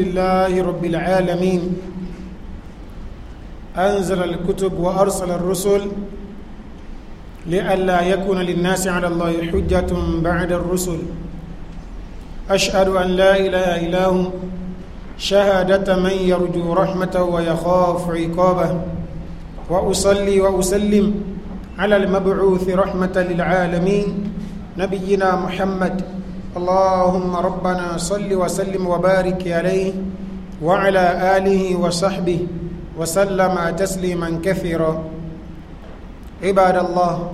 لله رب العالمين أنزل الكتب وأرسل الرسل لئلا يكون للناس على الله حجة بعد الرسل أشهد أن لا إله إلا هو شهادة من يرجو رحمته ويخاف عقابه وأصلي وأسلم على المبعوث رحمة للعالمين نبينا محمد اللهم ربنا صل وسلم وبارك عليه وعلى آله وصحبه وسلم تسليما كثيرا عباد الله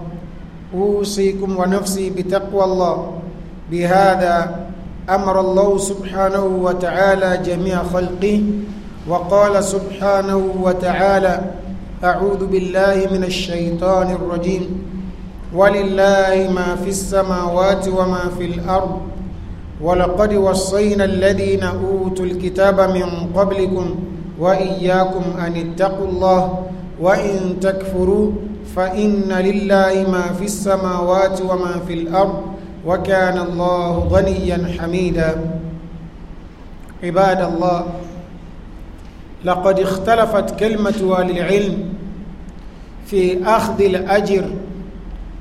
أوصيكم ونفسي بتقوى الله بهذا أمر الله سبحانه وتعالى جميع خلقه وقال سبحانه وتعالى أعوذ بالله من الشيطان الرجيم ولله ما في السماوات وما في الأرض ولقد وصينا الذين أوتوا الكتاب من قبلكم وإياكم أن تتقوا الله وإن تكفروا فإن لله ما في السماوات وما في الأرض وكان الله غنيا حميدا عباد الله لقد اختلفت كلمة أهل العلم في أخذ الأجر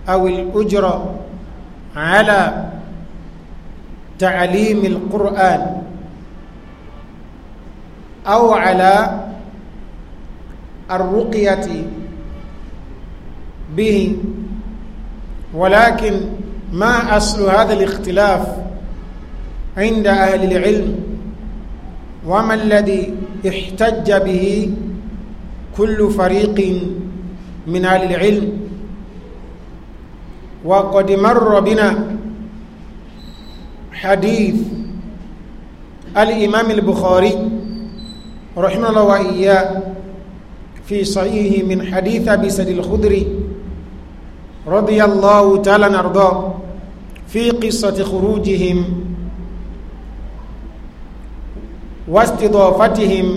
أو الأجرة على تعليم القرآن أو على الرقية به ولكن ما أصل هذا الاختلاف عند أهل العلم وما الذي احتج به كل فريق من أهل العلم وقد مر بنا حديث الإمام البخاري رحمه الله وإياه في صحيحه من حديث أبي سعيد الخدري رضي الله تعالى نرضاه في قصة خروجهم واستضافتهم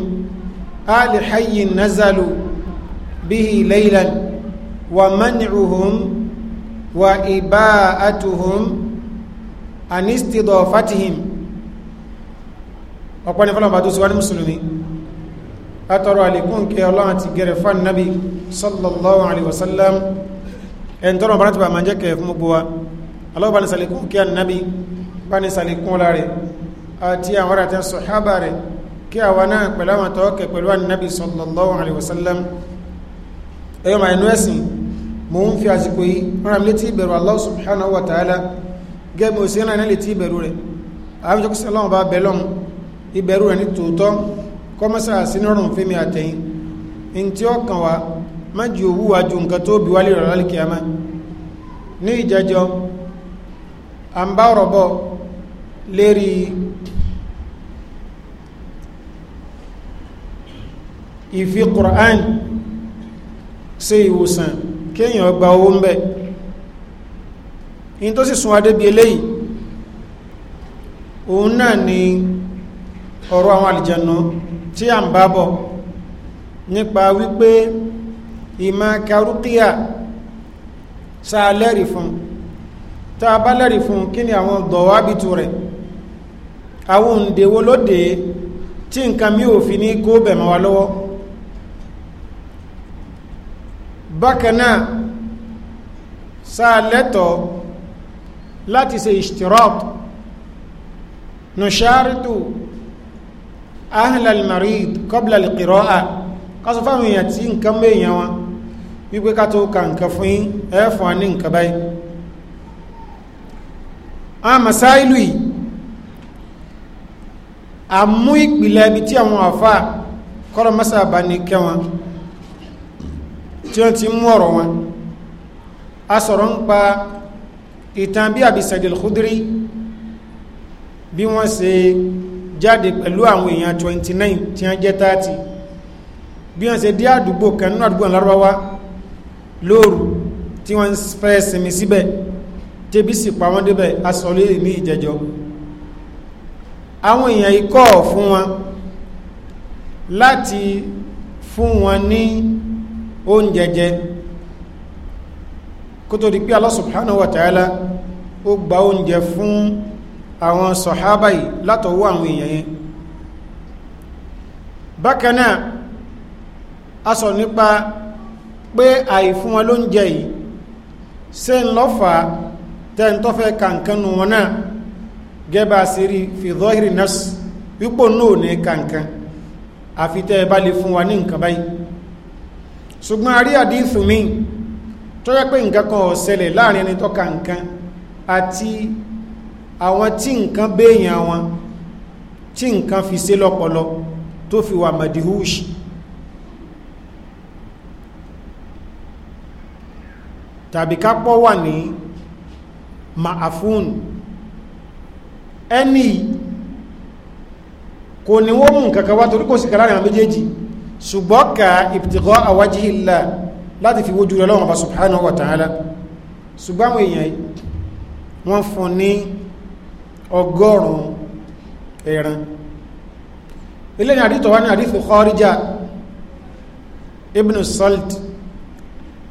آل حي نزلوا به ليلا ومنعهم وإباءتهم anistido fatihim ọ̀pọ̀ ní fọ́lọ̀mà tó síwá ní musulmi látọrọ àlékún kí ọlọ́run ti gẹ̀rẹ̀ fún nabi sallallahu alaihi wasallam ẹn tọrọ bá rántí bá máa jẹ́ kẹ̀ fún gbogbo wa Allah bá ní sàlékún kí annabi bá ní sàlékún ọlá rẹ̀ àti àwọn ará tẹ́ sọ̀hábà rẹ̀ kí àwa náà pẹ̀lú àwọn tọ́ọ̀kẹ̀ pẹ̀lú annabi sallallahu alaihi wasallam ẹ̀yọ́ màá inú ẹ̀sìn mò ń fi àsìkò yìí rán létí ìbẹ̀rù Allah subhanahu wa ta'ala gẹ́gbẹ́ òsì ńlá ilẹ̀ tí ìbẹ̀rù rẹ̀ àbíjọ́kùsí ọlọ́run bá bẹ̀ lọ́run ìbẹ̀rù rẹ̀ ní tòótọ́ kọ́mọ́sára sí nírọ̀rùn fẹ́mi àtẹ̀yìn in tí ó kàn wá má jù owó wa ju Qur'an ṣe ìwòsàn kéèyàn gba owó ń bẹ́ẹ̀ in tó sì sun adébí eléyìí òun náà ni ọ̀rọ̀ àwọn àlìjẹnu tí a ń bá bọ̀ nípa wípé ìmọ̀ karúkíà sáà lẹ́rì fún tá a bá lẹ́rì fún kí ni àwọn dọ̀wábìtù rẹ̀ àwọn òǹdèwó lóde tí nǹkan mí ò fi ní kó bẹ̀mọ̀ wa lọ́wọ́ bákanáà sáà lẹ́tọ̀ọ́ láti ṣe ishtiraq nusharitu ahlal marid qabla al-qira'a kásọ fáwọn èèyàn tí nǹkan mẹ́yàn wọn wípé ká tó ka nǹkan fún yín ẹ̀fún wa ní nǹkan báyìí àwọn masáìlú yìí àmú ìpìlẹ̀ ibi tí àwọn àfà kọ́rọ̀ mọ́sá bá ní kẹwọn tí wọ́n ti mú ọ̀rọ̀ wọn a sọ̀rọ̀ ń pa ìtàn bí àbísẹ̀dìl khudri bí wọ́n ṣe jáde pẹ̀lú àwọn èèyàn 29 tí wọ́n jẹ́ 30 bí wọ́n ṣe dé àdúgbò kan nínú àdúgbò lárúbáwá lóòrù tí wọ́n fẹ́ sinmi síbẹ̀ tẹ́bí sì pa wọ́n débẹ̀ asọ̀lé mi ìjẹjọ́ àwọn èèyàn ikọ́ fún wọn láti fún wọn ní oúnjẹ kótó di pé Allah subhanahu wa ta'ala ó gba oúnjẹ fún àwọn sọ̀hábà yìí látọwọ́ àwọn èèyàn yẹn bákanáà a sọ nípa pé àìfún wọn lóúnjẹ yìí ṣe ń lọ́fà tẹ́ntọ́fẹ́ kàǹkanu wọn náà gẹ́bà sí rí fi dhahiri wípò náà ní kàǹkan àfi bá lè fún wa ní nǹkan báyìí ṣùgbọ́n a rí àdífù míì tó yẹ pé nǹkan kan ó ṣẹlẹ̀ láàrin ẹni tọ́ka nǹkan àti àwọn tí nǹkan béèyàn wọn tí nǹkan fi ṣe lọ́pọlọ tó fi wà madihush tàbí kápọ́ wà ní maafun ẹni kò ní wọ́n mú nǹkan kan wá torí kò sí kàlárin àwọn méjèèjì ṣùgbọ́n ka ibtigha awajihillah láti fi wojú Ọlọ́run Ọba subhanahu wa ta'ala ṣùgbọ́n àwọn èèyàn wọ́n fún ní ọgọ́rùn-ún ẹran ilé ní àdítọ̀ wá ní àdífò Kharija ibn Salt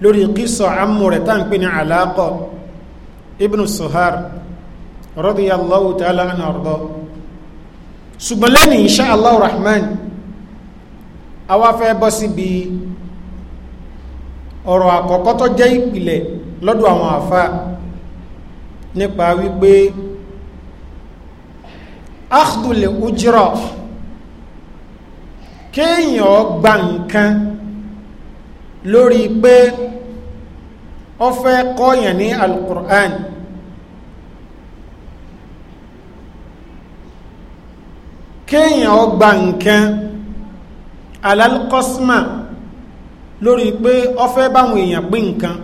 lórí kíso amú rẹ̀ tá ń pè ní Alaqa ibn Suhar radiyallahu ta'ala anhu arda ṣùgbọ́n lẹ́ni insha Allah rahman ọ̀rọ̀ àkọ́kọ́ tó jẹ́ ìpìlẹ̀ lọ́dọ̀ àwọn àfá nípa wípé akhdule ujra kéèyàn gba nǹkan lórí pé ó fẹ́ kọ́yàn ní alkùrán kéèyàn gba nǹkan alálkọ́símà lórí pé ọfẹ́ báwọn èèyàn pín nǹkan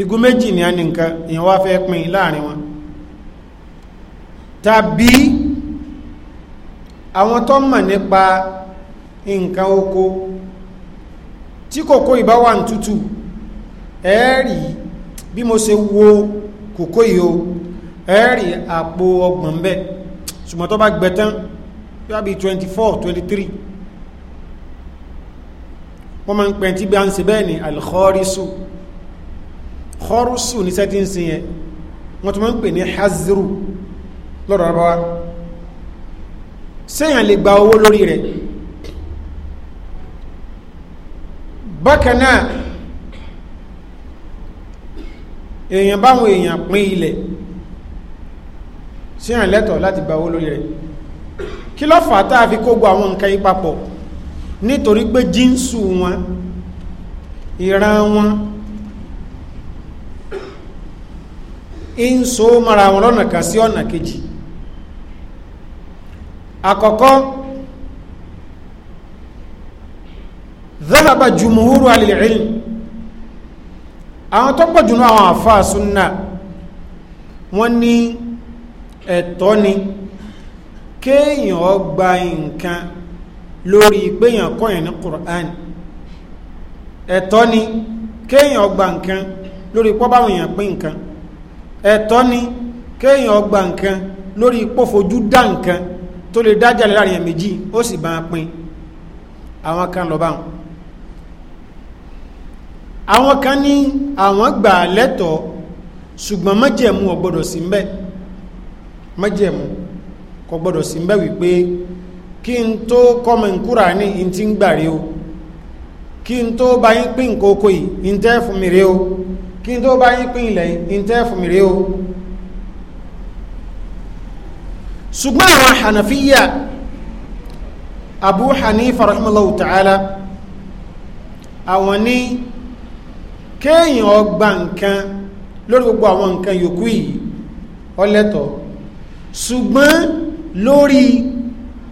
igun méjì ní a ní nǹkan èèyàn wá fẹ́ pín láàrin wọn tàbí àwọn tó mọ̀ nípa nǹkan oko tí kòkó ìbá wà ní tútù ẹ̀ẹ́rì bí mo ṣe wo kòkó yìí o ẹ̀ẹ́rì àpò ọgbọ̀n bẹ́ẹ̀ ṣùgbọ́n tó bá gbẹ tán bí bí 24 23 wọ́n máa ń pẹ́ tí bí a ń ṣe bẹ́ẹ̀ ni alkhọ́rísù khọ́rúsù ní sẹ́tí ń sin yẹn wọ́n tún máa ń pè ní haziru lọ́rọ̀ arabawa sẹ́yàn lè gba owó lórí rẹ̀ bákan èèyàn báwọn èèyàn pín ilẹ̀ sẹ́yàn lẹ́tọ̀ọ́ láti gba owó lórí rẹ̀ kí ló tá a fi kó gbọ́ àwọn nǹkan yìí papọ̀ nítorí pé jínsù wọn ìran wọn ń so mara wọn lọ́nà kan sí ọ̀nà kejì àkọ́kọ́ zahaba jumuhuru alil'ilm àwọn tó pọ̀ jùlọ àwọn àfáà súnnà wọ́n ní ẹ̀tọ́ ni kéèyàn gba nǹkan lórí péyàn kọ́yàn ní Qur'an ẹ̀tọ́ ni kéèyàn gba nǹkan lórí pọ́ báwọn èèyàn pín nǹkan ẹ̀tọ́ ni kéèyàn gba nǹkan lórí pọ́fojú dá nǹkan tó lè dájà láàrin ẹ̀ méjì ó sì bá pín àwọn kan lọ báwọn àwọn kan ní àwọn gbà lẹ́tọ̀ọ́ ṣùgbọ́n májẹ̀mú ò sí mbẹ̀ májẹ̀mú kò gbọ́dọ̀ sí mbẹ̀ wípé kí n tó kọ́mọ̀ nkúra ní in ti ń gbàrí o kí n tó bá yín pín kókó yìí in tẹ́ fún mi rí o kí n tó bá yín pín ilẹ̀ yìí in fún mi rí o ṣùgbọ́n àwọn hànàfíyà abu hanifa rahimallahu ta'ala àwọn ní kéèyàn ọgbà nǹkan lórí gbogbo àwọn nǹkan yòókù yìí ọlẹ́tọ̀ ṣùgbọ́n lórí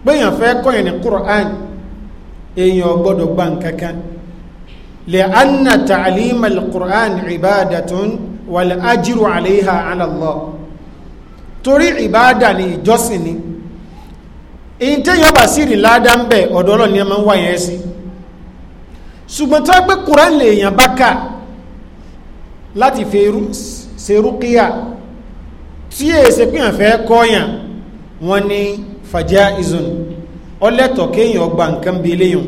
bẹ́yàn fẹ́ kọ́yìn ní Qur'an èèyàn gbọ́dọ̀ gba nkankan lè anna ta'alima al-Qur'an ibadatun wal ajiru alaiha ala Allah torí ìbáadà ni ìjọsìn ni èyí tí yóò bá sí rí ládá ń bẹ̀ ọ̀dọ̀ ni a máa ń wà yẹn sí ṣùgbọ́n tó pé Qur'an lè èèyàn bá kà láti fi ṣe rúkíyà tí èsè pé àfẹ́ kọ́yàn wọn ni fajaizun ọlẹ́tọ̀ kéèyàn gba nǹkan bíi eléyàn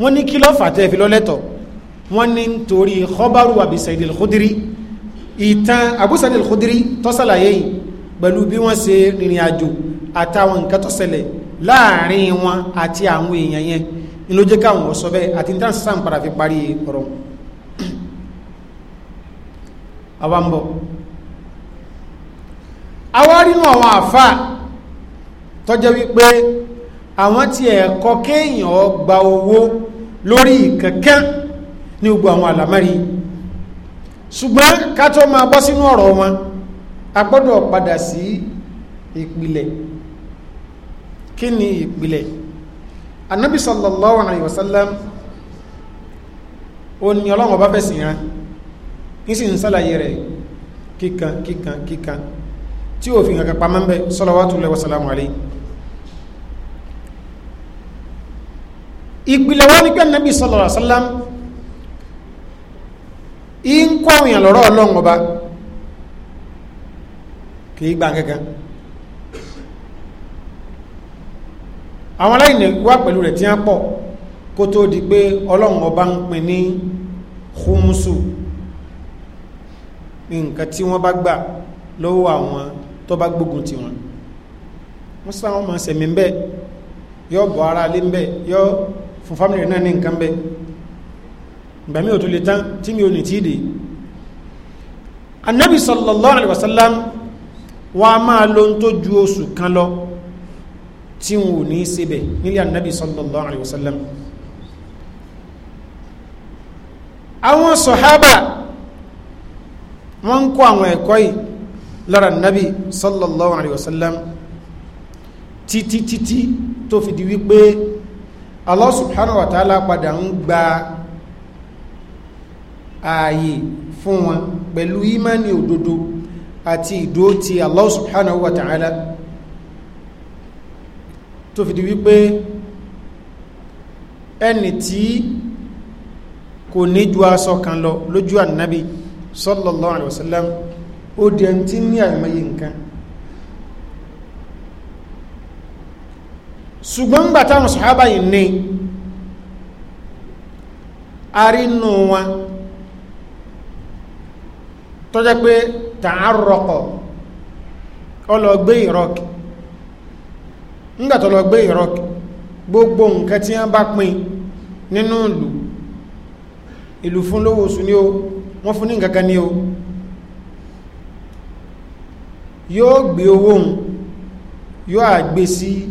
wọ́n ní kí ló fà tẹ́ fi lọ́lẹ́tọ̀ wọ́n ní nítorí khabaru Abi Sa'id al-Khudri ìtàn Abu Sa'id tọ́sàlàyé yìí pẹ̀lú bí wọ́n ṣe rìnrìn àjò àtàwọn nǹkan tó ṣẹlẹ̀ láàrin wọn àti àwọn èèyàn yẹn ni ló jẹ́ káwọn ọ̀sọ́ bẹ́ẹ̀ àti ní tàǹsí sáà ń padà fi parí ọ̀rọ̀ wọn. àwa ń bọ̀ àwa rí tọ́jẹ́ wípé àwọn tí ẹ̀kọ́ kéèyàn gba owó lórí ìkẹ̀kẹ́ ní gbogbo àwọn àlámẹ́rí ṣùgbọ́n ká tó máa bọ́ sínú ọ̀rọ̀ wọn a gbọ́dọ̀ padà sí ìpìlẹ̀ kí ni ìpìlẹ̀ anábì sallallahu alayhi wa sallam ó ní ọlọ́run ọba fẹ̀sìn rán ní sì ń sálàyé rẹ̀ kíkan kíkan kíkan tí ó fi hàn kapa mẹ́bẹ̀ salawatullahi wa salamu alayhi ìpìlẹ̀ wọ́n ní pé Nabi sallallahu alaihi wasallam in kọ́ àwọn èèyàn lọ́rọ̀ ọlọ́run ọba kìí gbà kankan àwọn aláìní wà pẹ̀lú rẹ̀ tí wọ́n pọ̀ kó tó di pé ọlọ́run ọba ń pin ní humusu nǹkan tí wọ́n bá gbà lọ́wọ́ àwọn tó bá gbógun ti wọn musa wọn máa sẹ̀mí bẹ́ẹ̀ yọ bọ̀ ara lé bẹ́ẹ̀ yọ fún fámìlì rẹ̀ náà ní nǹkan bẹ́ẹ̀ ìgbà mi ò tó lè tán tí mi ò ní tíì dè anabi sallallahu alayhi wa sallam wọn a máa lo tó ju oṣù kan lọ tí wọn ò ní í sebẹ̀ anabi sallallahu alayhi wa sallam àwọn sọ̀hábà wọ́n ń kọ́ àwọn ẹ̀kọ́ yìí lára nábì sallallahu alayhi wa sallam títí títí tó fi di wípé Allah subhanahu wa ta'ala padà ń gba ààyè fún wọn pẹ̀lú ìmánì òdodo àti ìdó ti Allah subhanahu wa ta'ala tó fi di wípé ẹni tí kò ní ju aṣọ kan lọ lójú ànábì sallallahu alayhi wa sallam ọ di ẹni tí ní àìmọye nǹkan ṣùgbọ́n ń gbà táwọn sọ̀hábà yìí ní arínú wọn tọ́jẹ́ pé tààrọ̀kọ̀ ọlọ́gbé ìrọ́kì ńgbàtọ̀ ìrọ́kì gbogbo nǹkan tí wọ́n bá pín nínú ìlú ìlú fún lówó oṣù ní o wọ́n fún ní nǹkan ní o yóò gbé owó òun yóò àgbé sí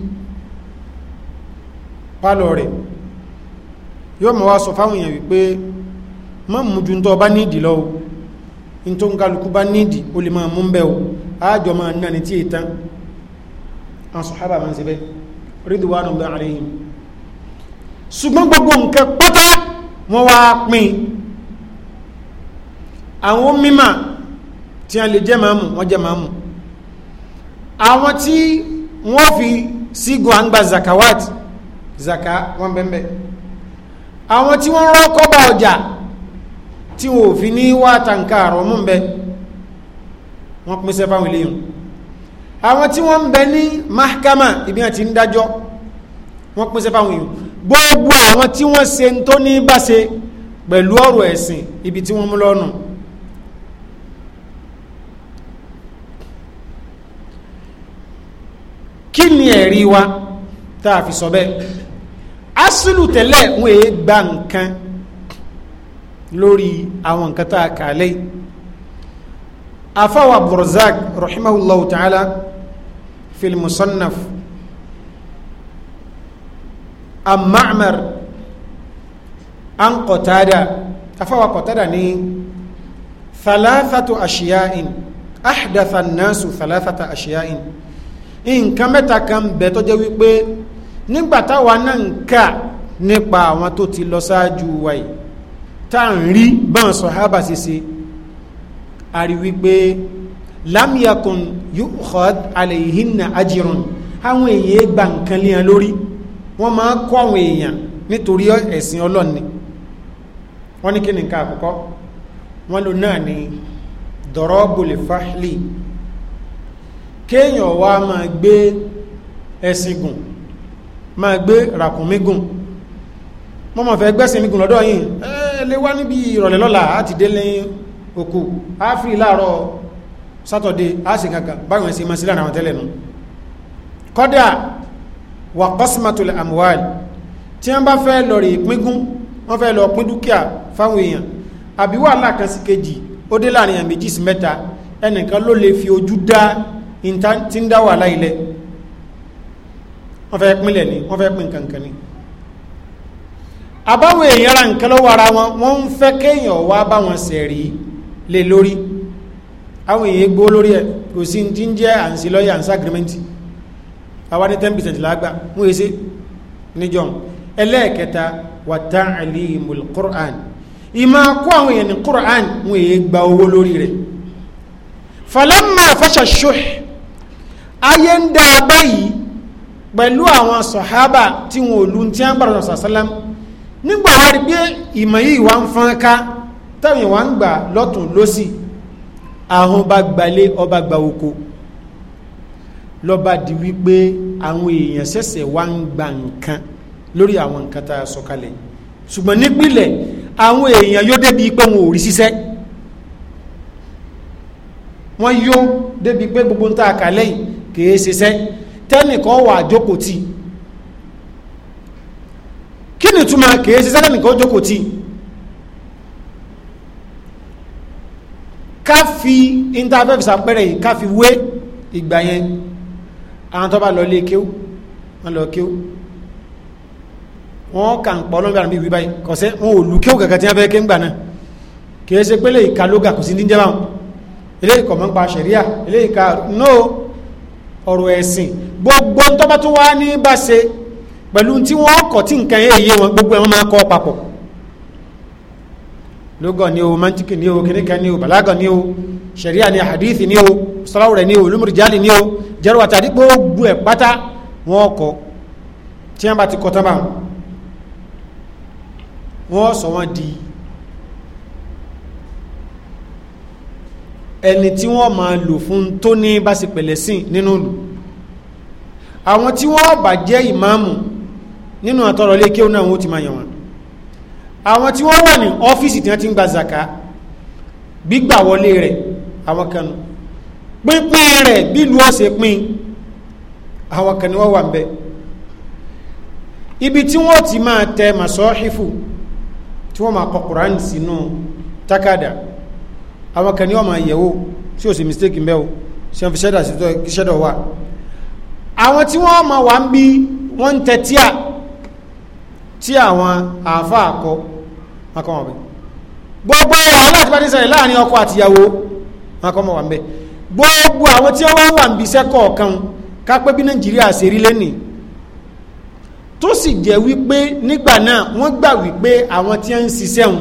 pálọ̀ rẹ̀ yóò mọ̀ wá sọ fáwọn èèyàn wípé má mú ju tó bá nídìí lọ in tó ń kálukú bá nídìí o lè máa mú ń bẹ́ o ájọ máa náà ní tí è tán àwọn sọ̀hábà máa ń ṣe bẹ́ ridwanullahi alayhim ṣùgbọ́n gbogbo nǹkan pátá wọ́n wá pín àwọn mímà tí a lè jẹ́ máa mú wọ́n jẹ́ máa mú àwọn tí wọ́n fi sígun àǹgbà zakawat zaka wọn bẹ́ẹ̀ àwọn tí wọ́n rán kọ́bà ọjà tí wọn ò fi ní wá tàǹkà àrọ̀ mú bẹ́ẹ̀ wọ́n pín sẹ́fà wọn léyìn àwọn tí wọ́n bẹ ní mahkama ibi àti ń dájọ́ wọ́n pín sẹ́fà wọn yìí gbogbo àwọn tí wọ́n ṣe ń tó ní bá ṣe pẹ̀lú ọ̀rọ̀ ẹ̀sìn ibi tí wọ́n mú lọ́nà kí ni ẹ̀rí wa tá a fi sọ bẹ́ẹ̀ asúlù tẹ́lẹ̀ wọ́n èé gba nǹkan lórí àwọn nǹkan tá a kà lẹ́yìn afáwà abdulrazak rahimahullahu ta'ala fil musannaf amma'mar an qatada afáwà qatada ní thalathatu ashiya'in ahdatha an-nasu thalathata ashiya'in nǹkan mẹ́ta kan bẹ̀ tó jẹ́ wípé nígbà táwa náà ń kà nípa àwọn tó ti lọ ṣáájú wa yìí tá à ń rí báwọn sọ̀hábà ṣe ṣe a rí wípé lámìyàkùn yukhad alayhinna ajirun àwọn èèyàn gba nǹkan léyàn lórí wọ́n máa ń kọ́ àwọn èèyàn nítorí ẹ̀sìn ọlọ́ni wọ́n ní kí ni nǹkan àkọ́kọ́ wọ́n lò náà ní dọ̀rọ́bùlì fáhìlì kéèyàn wá máa gbé ẹṣin gùn máa gbé ràkúnmí gùn mo mọ̀ fẹ́ gbẹ́sìn mi gùn lọ́dọ̀ yìí ẹ lè wá níbi ìrọ̀lẹ́ lọ́la á ti dé lẹ́yìn òkú á fi láàárọ̀ sátọ̀dé á sì kankan báwọn ẹ̀sìn máa sí láàrín wọ́n sí ẹnìkan ló lè fi ojú dá tí ń dá wàhálà ilẹ̀ wọ́n fẹ́ pínlẹ̀ ni wọ́n fẹ́ pín kankan ni àbáwọn èèyàn ra nǹkan lọ́wọ́ ara wọn wọ́n ń fẹ́ kéèyàn wá bá wọn sẹ̀rí lé lórí àwọn èèyàn gbó lórí ẹ̀ kò sí ti ń jẹ́ àǹsí lọ́yà àǹsí agrimenti àwa ní 10% lágbà mú èsì e níjọ ẹlẹ́ẹ̀kẹta wà tán àlìmùl Qur'an ìmá kó àwọn èèyàn ní Qur'an wọn èèyàn e gba owó lórí rẹ̀ falamma fashashuh ayé ń dá a báyìí pẹ̀lú àwọn sọ̀hábà tí wọn ò lu ti ń bàrọ̀ sàṣálám nígbà wá rí pé ìmọ̀ yìí wá ń fọ́n ká táwọn ìwà ń gbà lọ́tún lọ́sì àwọn ọba gbalé ọba gba oko lọ́ba di wípé àwọn èèyàn ṣẹ̀ṣẹ̀ wá ń gba nǹkan lórí àwọn nǹkan tá a sọ ṣùgbọ́n nípìnlẹ̀ àwọn èèyàn yóò débi pé wọn ò rí ṣiṣẹ́ wọ́n yóò débi pé gbogbo ń ta àkàlẹ́yìn kìí ṣiṣẹ́ tẹ́nìkan wà jókòó tí kí ni túmọ̀ kìí ṣiṣẹ́ tẹ́nìkan jókòó tí ká fi interfef sàpẹ́rẹ̀ yìí ká fi wé ìgbà yẹn àwọn tó bá lọ lé kéw wọ́n lọ kéw wọ́n kà ń pọ̀ ọlọ́mọbí àrùn bíbí báyìí kọ̀sẹ́ wọn ò lù kéw kankan tí wọ́n fẹ́ ké ń gbà náà kìí ṣe pé lè ka lóga kò sí ní jẹ́ báwọn eléyìí kọ̀ mọ́ ń pa ṣẹ̀ríà eléyìí ka no ọ̀rọ̀ ẹ̀sìn gbogbo tó bá tó wá ní bá ṣe pẹ̀lú tí wọ́n kọ̀ tí nǹkan yẹn yé wọn gbogbo ẹ̀wọ̀n máa kọ́ papọ̀ lógọ̀ ni o mantiki ni o kìnìkan ni o balaga ni o sẹ̀ríà ni hadithi ni o sọ́láwùrẹ̀ ni o olúmọ̀rìjáde ni o jẹ́rọ di ẹni tí wọ́n máa lò fún tó ní báṣepẹ̀lẹ̀ sìn nínú ìlú àwọn tí wọ́n bá jẹ́ ìmáàmù nínú àtọ́rọ̀ lé kéwọ́n náà wọ́n ti máa yàn àwọn tí wọ́n wà ní ọ́fíìsì tí wọ́n ti ń gba zaka gbígbà wọlé rẹ̀ àwọn kan pínpín rẹ̀ bílùú ọ̀sẹ̀ pín àwọn kan ni wọ́n wà ń bẹ ibi tí wọ́n ti máa tẹ màsọ́ọ́hífù tí wọ́n máa kọ kùránì sínú tákàdá àwọn kan ní ọmọ ìyẹ̀wò tí ò sí mistake ń bẹ́ o ṣe ń fi ṣẹ́dà sí ṣẹ́dọ̀ wà àwọn tí wọ́n mọ̀ wá ń bí wọ́n ń tẹ tíà tí àwọn àáfà àkọ akọ́mọ̀ bẹ́ gbogbo àwọn àti bàtí sẹ́rẹ̀ láàrin ọkọ àtìyàwó akọ́mọ̀ wà ń bẹ́ gbogbo àwọn tí wọ́n wà ń bí sẹ́kọ̀ kan kápẹ́ bí nàìjíríà ṣe rí lẹ́nìí tó sì jẹ́ wípé nígbà náà wọ́n gbà wípé àwọn tí ń ṣiṣẹ́ wọn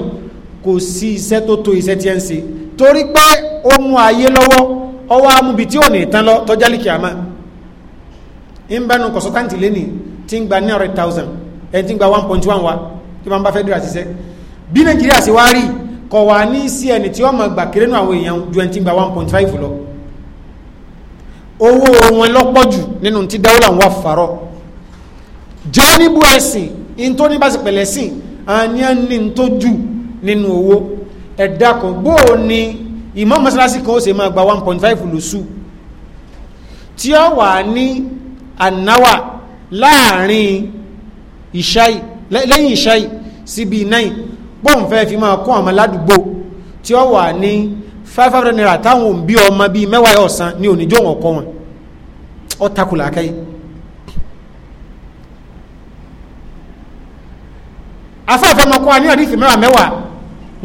kò sí iṣẹ́ tó tó iṣẹ́ tí ń ṣe torí pé ó mú ayé lọ́wọ́ ọwọ́ amúbi tí ò ní ìtàn lọ tọ́jálì kìámà ń bá nu kọ̀sọ́táǹtì lẹ́nì tí ń gba nine hundred thousand ẹ̀ tí ń gba one point one wa tí wọ́n bá fẹ́ dúrà ṣiṣẹ́ bí nàìjíríà sì wá rí kọ̀ wá ní sí ẹni tí wọ́n mọ̀ gbà kéré nù àwọn èèyàn ju ẹni tí ń gba one point five lọ owó wọn lọ́pọ̀ jù nínú tí dáwọ́là ń wà fàárọ̀ jẹ́ níbu ẹ̀sìn in tó ní bá sì pẹ̀lẹ́ sìn àní tó jù nínú owó ẹ̀dá kan bóò ni ìmọ̀ mọ́sálásí kan ó ṣe máa gba one point five lóṣù tí ó wà ní ànáwà láàrin ìṣáì lẹ́yìn ìṣáì síbi náì pọ́ǹfẹ́ fi máa kún ọmọ ládùúgbò tí ó wà ní five hundred naira táwọn òbí ọmọ bíi mẹ́wàá ọ̀sán ní oníjó wọn kọ́ wọn ó takùlà kẹ́yì. afáfẹ́ ọmọkùnrin ní àdìsí mẹ́wàá mẹ́wàá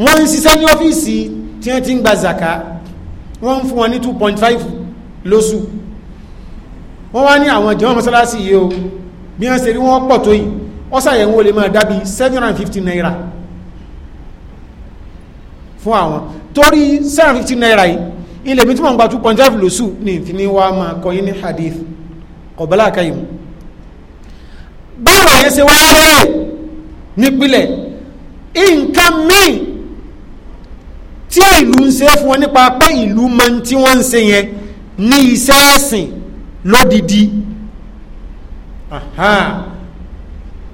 wọ́n ń ṣiṣẹ́ ní ọ́fíìsì tí wọ́n ti ń gba zaka wọ́n ń fún wọn ní two point five lóṣù wọ́n wá ní àwọn jẹ́wọ́n mọ́sálásí yìí o bí wọ́n ṣe rí wọ́n pọ̀ tó yìí wọ́n ṣàyẹ̀wò olè máa dábí seven hundred and fifty naira fún àwọn torí seven hundred and fifty naira yìí ilẹ̀ mi tí wọ́n gba two point five lóṣù ní ìfini wa máa kọ́ yín ní hadith ọ̀bẹ́lá àkàyè mu báwo àyẹ̀ṣe wá rẹ̀ nípìnlẹ̀ nǹkan míì tí ìlú ń ṣe fún wọn nípa pé ìlú mọ tí wọ́n ń ṣe yẹn ní iṣẹ́ ẹ̀sìn lódìdí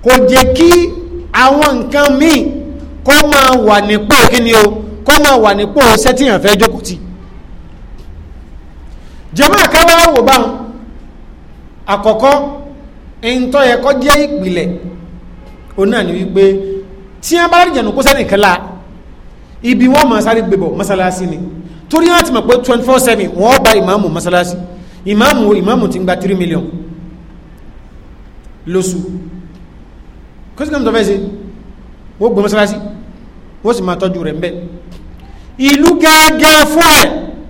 kò jẹ́ kí àwọn nǹkan míì kó máa wà nípò kíni o kó máa wà nípò sẹ́tìyàn fẹ́ jókòó tì jẹ́mọ́ àkáwá wò báwọn àkọ́kọ́ ntọ́ yẹ kọ́ jẹ́ ìpìlẹ̀ òun náà wípé tí wọ́n bá rí jẹ̀nù kó sẹ́nìkan láà ibi wọ́n máa sáré gbébọ̀ mọ́sálásí ni torí wọ́n ti mọ̀ pé twenty four seven wọ́n bá ìmáàmù mọ́sálásí ìmáàmù ìmáàmù ti gba three million lóṣù kọ́sìkọ́mù tó fẹ́ ṣe wọ́n gbé mọ́sálásí wọ́n sì máa tọ́jú rẹ̀ ń bẹ́ ìlú gẹ́gẹ́ fún ẹ̀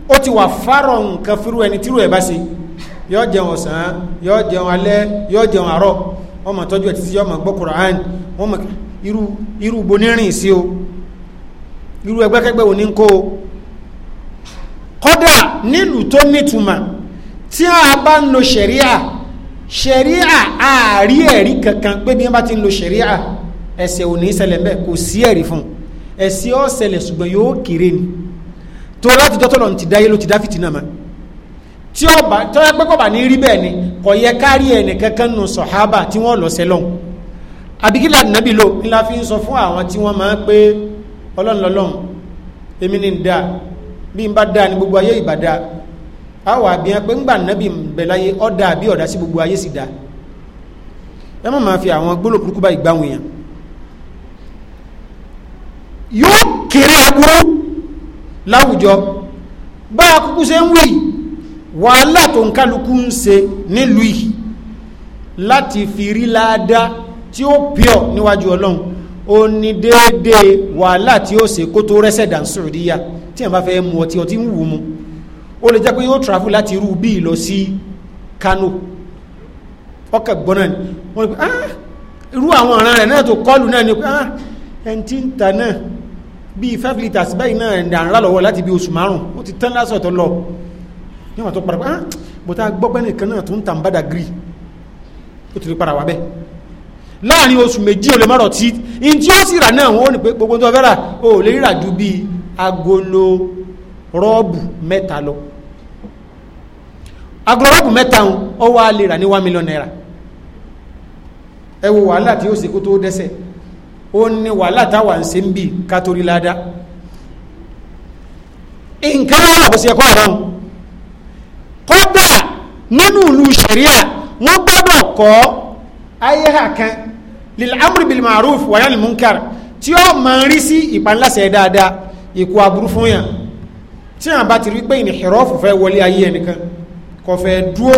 ó ti wà fárọ̀ nǹkan fírú ẹni tírú ẹ̀ bá ṣe yọ́ jẹun ọ̀sán yọ́ jẹun alẹ́ yọ́ jẹun àárọ̀ wọ́n máa tọ́jú ẹ̀ títí yọ́ máa gbọ́ Kùránì wọ́n máa irú irú bonírin sí o irú ẹgbẹ́kẹ́gbẹ́ òní ń kó o kódà nílùú tó nítumọ̀ tí a bá ń lo ṣẹ̀ríà ṣẹ̀ríà ààrí ẹ̀rí kankan pé bí wọ́n bá ti ń lo ṣẹ̀ríà ẹ̀ṣẹ̀ òní ṣẹlẹ̀ mbẹ́ kò sí ẹ̀rí fún ẹ̀ṣẹ̀ ó ṣẹlẹ̀ ṣùgbọ́n yóò kéré ni tó láti jọ́tọ̀ lọ́n ti dáyé ló ti dá fìtínà mọ́ tí ó bá tó yẹ pé kò bá ní rí bẹ́ẹ̀ ni kò yẹ kárí ẹnì kankan nù sọ̀hábà tí wọ́n lọ sẹ́lọ̀n àbíkí làdínàbí lò ńlá fi ń sọ fún àwọn tí wọ́n máa ń pé ọlọ́nlọ́lọ́n èmi ni ń da bí n bá da ni gbogbo ayé ìbá da a wà bí wọn pé ń gbà nábì bẹ̀láyé ọ̀dà àbí ọ̀dà sí gbogbo ayé sì da ẹ má máa fi àwọn gbólò burúkú báyìí gbá wọn yàn yóò kéré aburú láwùjọ bá a kúkú ṣe ń wí wàhálà tó ń kálukú ń ṣe nílùú yìí láti fi rí láadá tí ó pure níwájú ọlọ́run ó ní déédéé wàhálà tí ó ṣe kó tó rẹ́sẹ̀ dà ní Saudiya tí ẹ̀ bá fẹ́ mu ọtí ọtí ń wù mu ó lè jẹ́ pé yóò travel láti irú bíi lọ sí Kano ọkọ̀ gbọ́n náà ni wọ́n ní pé ah irú àwọn ọ̀ràn rẹ̀ náà tó kọlù náà ni pé ah ẹni tí ń ta náà bíi five litres báyìí náà ẹ̀dà ń rà láti bí oṣù márùn ó ti tán lásọ̀ tó lọ níwọ̀n tó padà pé ah bọ́tà gbọ́gbẹ́ nìkan náà tó ń ta ń bàdàgìrì ó ti rí padà wá bẹ́ẹ̀ láàrin oṣù méjì o lè mọ́rọ̀ tí in tí ó sì rà náà wọ́n ní pé gbogbo tó fẹ́ra o lè rà ju bí agolo rọ́ọ̀bù mẹ́ta lọ agolo rọ́ọ̀bù mẹ́ta ó wá lè rà ní one million naira ẹ wo wàhálà tí ó sì kó tó dẹ́sẹ̀ ó ní wàhálà táwa ń ṣe ń bì ká torí ládàá nǹkan wà kò sí ẹ̀kọ́ àwọn kódà nínú ìlú ṣẹ̀ríà wọ́n gbọ́dọ̀ kọ́ ayé hàn kan lil'amri bil ma'ruf wa yanil munkar tí ó máa ń rí sí ìpanláṣẹ dáadáa ìkú aburú fún yàn tí àwọn bá ti rí pé ìnìṣẹ̀rọ́fù fẹ́ wọlé ayé ẹnìkan kò fẹ́ dúró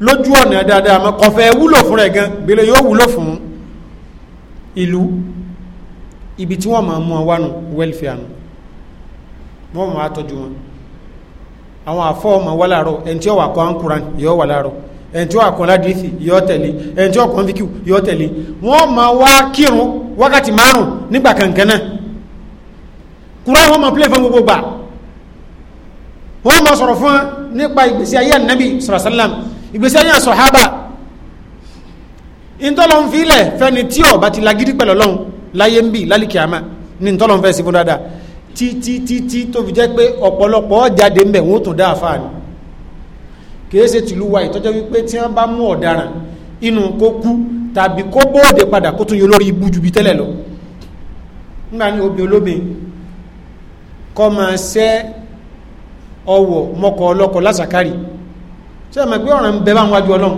lójú ọ̀nà dáadáa mọ́ kò fẹ́ wúlò fún rẹ̀ gan bílẹ̀ yóò wúlò fún ìlú ibi tí wọ́n máa mú wọn wánu wẹ́lfẹ̀ẹ́ nù wọ́n máa tọ́jú wọn àwọn àfọ́ ọmọ wà láàárọ̀ ẹni tí ó wà kọ́ àǹkúrán yóò wà láàárọ̀ ẹni tí ó àkànlá dìísì yọ tẹ̀lé ẹni tí ó kàn fíkì yọ tẹ̀lé wọ́n ma wá kírun wákàtí márùn nígbà kankan náà kúrò àwọn ọmọ pílẹ̀ fún gbogbo gbà wọ́n ma sọ̀rọ̀ fún nípa ìgbésí ayé ànábì sọ̀rọ̀sálàm ìgbésí ayé àsọ̀hábà ìtọ́lọ̀ ń filẹ̀ fẹ́ni tí ó bá ti lagídí pẹ̀lú ọlọ́run láyé ń bì lálìkì àmà ní ìtọ́lọ̀ sí fún dáadáa títí títí tó fi jẹ́ pé ọ̀pọ̀lọpọ̀ jáde ń bẹ̀ wọ́n tún dáa fáà kèése tìlú wa ìtọ́jọ́ wípé tí wọ́n bá mú ọ̀daràn inú kó kú tàbí kó bóòdè padà kó tún yọ lórí ibú ju bí tẹ́lẹ̀ lọ nígbà ní obì olóbìn kọ́ máa ṣẹ́ mọ́kọ ọlọ́kọ lásàkárì pé ọ̀ràn ń bẹ báwọn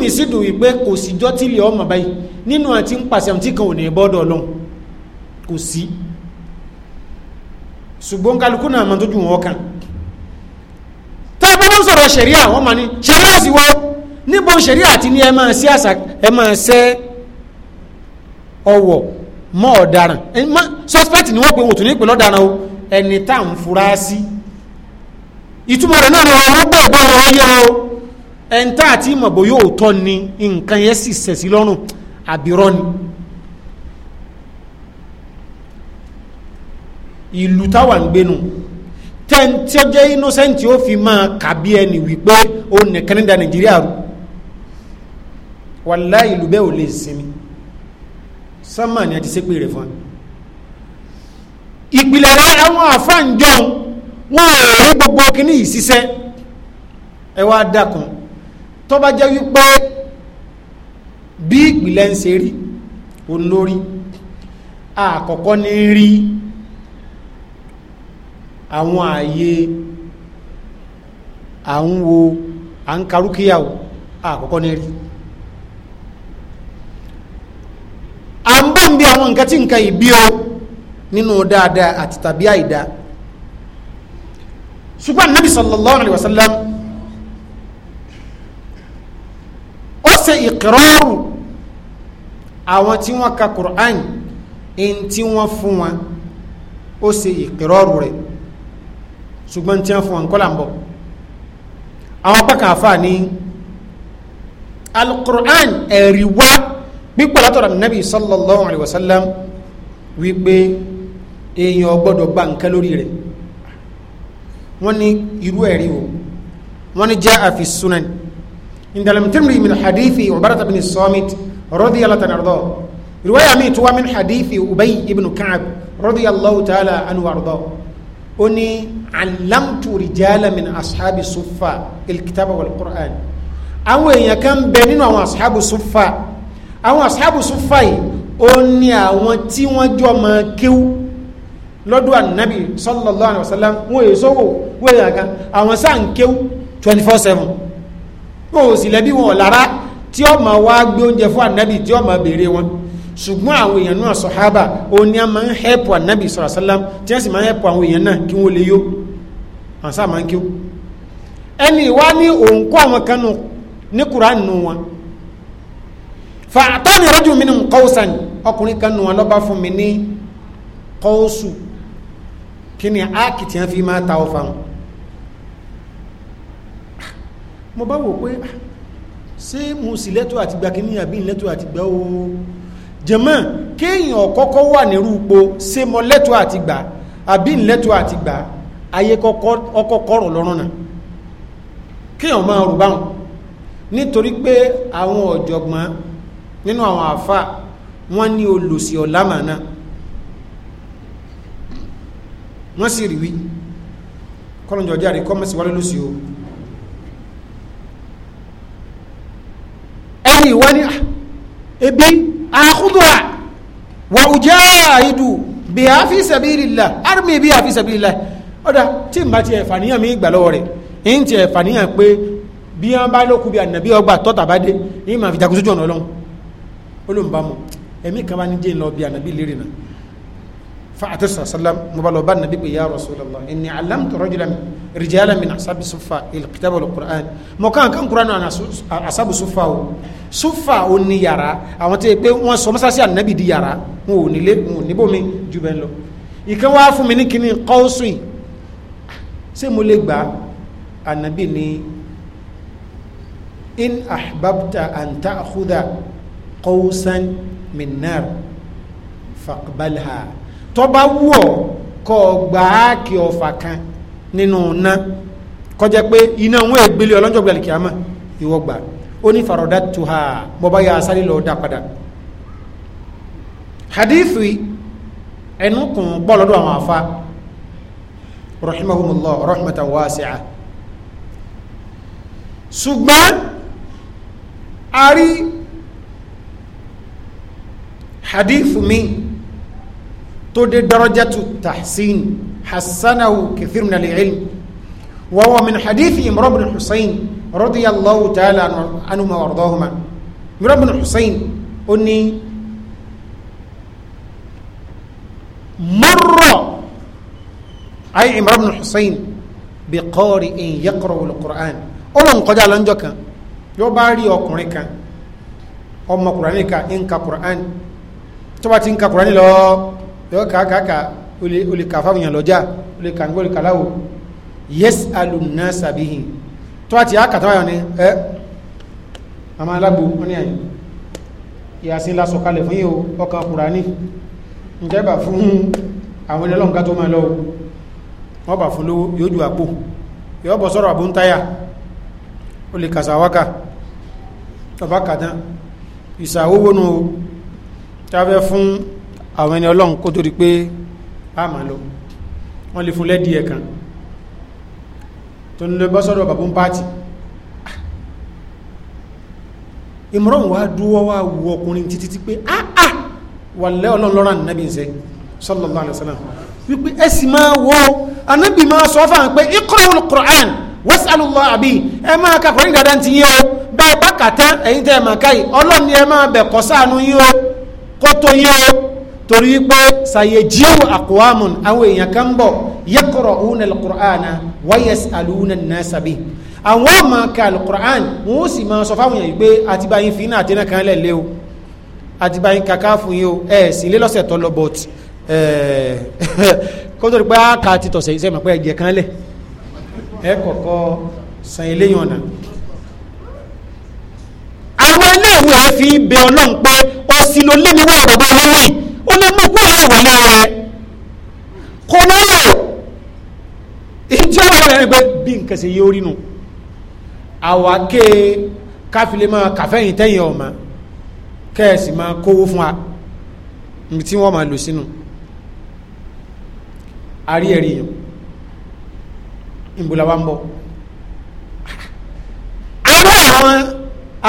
mi sì dùn wípé kò ọmọ báyìí nínú àti ń pàṣẹ kan ò ní bọ́ọ̀dọ̀ ọlọ́run kò sí ṣùgbọ́n kálukú ń sọ̀rọ̀ ṣẹ̀ríà wọ́n máa ní ṣẹ̀ríà sì wọ́ níbo ṣẹ̀ríà ti ní ẹ máa ṣe àṣà ẹ máa ṣe ọwọ́ mọ́ ọ̀daràn suspect ni wọ́n pe wòtún ní ọ̀daràn o ẹni tá à ń fura sí ìtumọ̀ rẹ̀ náà ni wọ́n gbọ́ ìbọn ọ̀rọ̀ yẹ o ẹni tá àti ìmọ̀bọ̀ yóò tọ́ ni nǹkan yẹn sì sẹ̀sí lọ́rùn àbírọ́ ni. ìlú táwa ń gbénu tẹ́ntẹ́jẹ́ innocent ó fi máa kàbí ẹni wípé ó nìkan ní da nàìjíríà rú wàláì ìlú bẹ́ẹ̀ ò lè sinmi sánmà ni a ti sépè rẹ̀ fún wa ìpìlẹ̀ rẹ̀ àwọn àfáànjọ wọn àárín gbogbo kìíní yìí ṣiṣẹ́ ẹ wá dákun tó jẹ́ wípé bí ìpìlẹ̀ ń ṣe rí olórí àkọ́kọ́ ní rí àwọn ààyè à ń wo à ń karúkíyà o àkọ́kọ́ ní rí à ń bọ̀ ń bí àwọn nǹkan tí nǹkan ìbí o nínú dáadáa àti tàbí àìdá ṣùgbọ́n nabi sallallahu alayhi wa sallam ó ṣe ìkìrọ́rù àwọn tí wọ́n ka Qur'an in tí wọ́n fún wọn ó ṣe ìkìrọ́rù rẹ̀ ṣùgbọ́n tí wọ́n fún wọn kọ́lá ń bọ̀ àwọn apákan àfà ní alukur'an ẹ̀rí wá pípọ̀ látọ̀rọ̀ nàbì sallallahu alayhi wa sallam wípé èèyàn gbọ́dọ̀ gba nǹkan lórí rẹ̀ wọ́n ní irú ẹ̀rí o wọ́n ó ní alamtu rijala min ashabi sufa ilkitaba wal qur'an àwọn èèyàn kan bẹ nínú àwọn ashabu sufa àwọn ashabu sufa yìí ó ní àwọn tí wọ́n jọ ma kíw lọ́dọ̀ annabi sallallahu alaihi wasallam wọ́n èyí sọ́wọ́ wọ́n èyàn kan àwọn sáà ń 24/7 ó sì lẹ́bí wọn lára tí ó ma wá gbé oúnjẹ fún annabi tí ó ma béèrè wọn ṣùgbọ́n àwọn èèyàn náà sọ̀hábà ó ní a máa ń hẹ́pù ànábì sọ̀rọ̀ sálám tí a sì máa ń hẹ́pù àwọn èèyàn náà kí wọ́n lè yó àǹsá máa ń kí ó ẹni ìwá ní òun kó àwọn kan nù ní kùránì nù wọn fa àtàní rọ́jù mi ní kọ́ọ̀sán ọkùnrin kan nù wọn lọ́ba fún mi ní kọ́ọ̀sù kí ni áàkìtì fi máa ta ọ̀fà wọn mo bá wò pé ah, ṣé mo sì lẹ́tọ̀ọ́ àti gbà àbí ìlẹ́tọ̀ọ́ àti gbà ooo jẹ̀mọ́ kéèyàn kọ́kọ́ wà nírú po ṣe mọ lẹ́tọ́ àti gbà àbí ńlẹ́tọ́ àti gbà ayé kọ́kọ́ kọ́rọ̀ lọ́rùn náà kéèyàn máa rù báwọn nítorí pé àwọn ọ̀jọ̀gbọ́n nínú àwọn àfà wọ́n ní olùsí ọ̀làmà náà wọ́n sì rí wí kọ́lọ̀njọ́ jáde kọ́mọ̀ sí wálé lóṣì o ẹni ìwá ní ẹbí ah, akhudhuha wa ujahidu biha fi sabilillah armi biha fi sabilillah ọ̀dà tí n bá ti ẹ̀fàníyàn mi gbà lọ́wọ́ rẹ̀ ń ti ẹ̀fàníyàn pé bí wọ́n bá lókun bí ànàbí ọgbà tọ́ta bá dé ní màá fi jagun sójú ọ̀nà ọlọ́run ó kan bá ní jẹ́ ńlọ bí ànàbí lérè náà fa'atu sallam mo ba lọ bá nàbí pé ya rasulallah inni alamtu rajulan rijalan min asabi sufa alkitab wal qur'an mo kàn kàn kuran na asabu sufa o sufa o ní yàrá àwọn tó yẹ pé wọn sọ mọ́sálásí ànábì di yàrá wọn ò nílé wọn ò níbòmí ju bẹ́ẹ̀ lọ ìkan wá fún mi ní kíní kọ́ọ̀sùn ṣé mo lè gbà ànábì ní in ahbabta an ta'khudha qawsan min nar faqbalha tọ́ba wù ọ́ kọ́ gbà á kí ọ̀fà kan nínú iná kọjá pé iná wọn ègbélé ọlọ́jọ́ gbẹ̀lẹ̀ kìámà ìwọ gbà ó ní farodà tu ha bọ́bá yà sáré lọ dá padà hadithi ẹnu kùn bọ́ àwọn afa rahimahumullah rahmatan wasi'a ṣùgbọ́n a rí hadithu mi tó dé darajatu tahsin hasanahu kathir min al-ilm wa huwa min hadithi imran bin hussein radiyallahu ta'ala anuma wardahuma imran bin hussein ó ní murra ay imran bin hussein bi qari'in yaqra'u al-qur'an ó lọ nkọjá lọ́njọ́ kan yóò bá rí ọkùnrin kan ọmọ kùránì ka ń ka kùránì tó bá ti ń ka kùránì lọ́ọ́ yọ kàákàá o lè kà fáwọn èèyàn lọ́jà o lè kà nígbò yes alumna sabihin tó àti ya wáyọ̀ ni ẹ màmá alágbo wọn ni àyè ìyàsìn lásọ kalẹ̀ fún yíò ọkàn kùránì fún àwọn ẹlọ́n ká tó máa fún yóò fún àwọn ẹni ọlọ́run kó tó di pé a máa lọ wọ́n lè fún lẹ́dí ẹ̀ tó ń lọ bọ́ sọ́dọ̀ ń pàtì ìmọ̀ràn wa dúwọ́ wa wu ọkùnrin títí tí pé áá wà lẹ́ ọlọ́run lọ́rọ̀ ànábì ń sẹ́ sallallahu alaihi wasallam wípé ẹ Qur'an wasallallahu àbí ẹ máa ka kọrin dáadáa ti yín o bẹ́ẹ̀ bá kàtá ẹ̀yin tẹ́ torí pé sàyẹ̀jíwò àkọ́wàmùn àwọn èèyàn kan bọ̀ yaqra'una al-Qur'ana wa yas'aluna an-nasa bihi àwọn ọmọ ka al-Qur'an wọn ó sì máa sọ fáwọn èèyàn pé àti báyìí fi náà àtẹnà kan lẹ̀lẹ́ o àti báyìí kàkà fún yín o ẹ̀ sì lé lọ́sẹ̀ tọ́lọ bọ̀t kó tó di pé àkà ti tọ̀sẹ̀ iṣẹ́ mọ̀ pé ẹ̀jẹ̀ kan lẹ̀ ẹ kọ̀kọ́ san eléyàn náà àwọn ilé ìwé fi bẹ ọlọ́run pé ọ̀sìn ló ní mú kúrò ìwọlé rẹ kò lọ́rọ̀ ìjọ àwọn ẹni pé bí nǹkan ṣe yé orí nu àwáké káfílẹ̀ máa kàfẹ́yìn tẹ́yìn ọ̀ma kẹ́ẹ̀sì máa kówó fún wa níbi tí wọ́n máa lò sínú àrí ẹ̀rí yàn ìbúlá wa ń bọ̀ àárọ̀ àwọn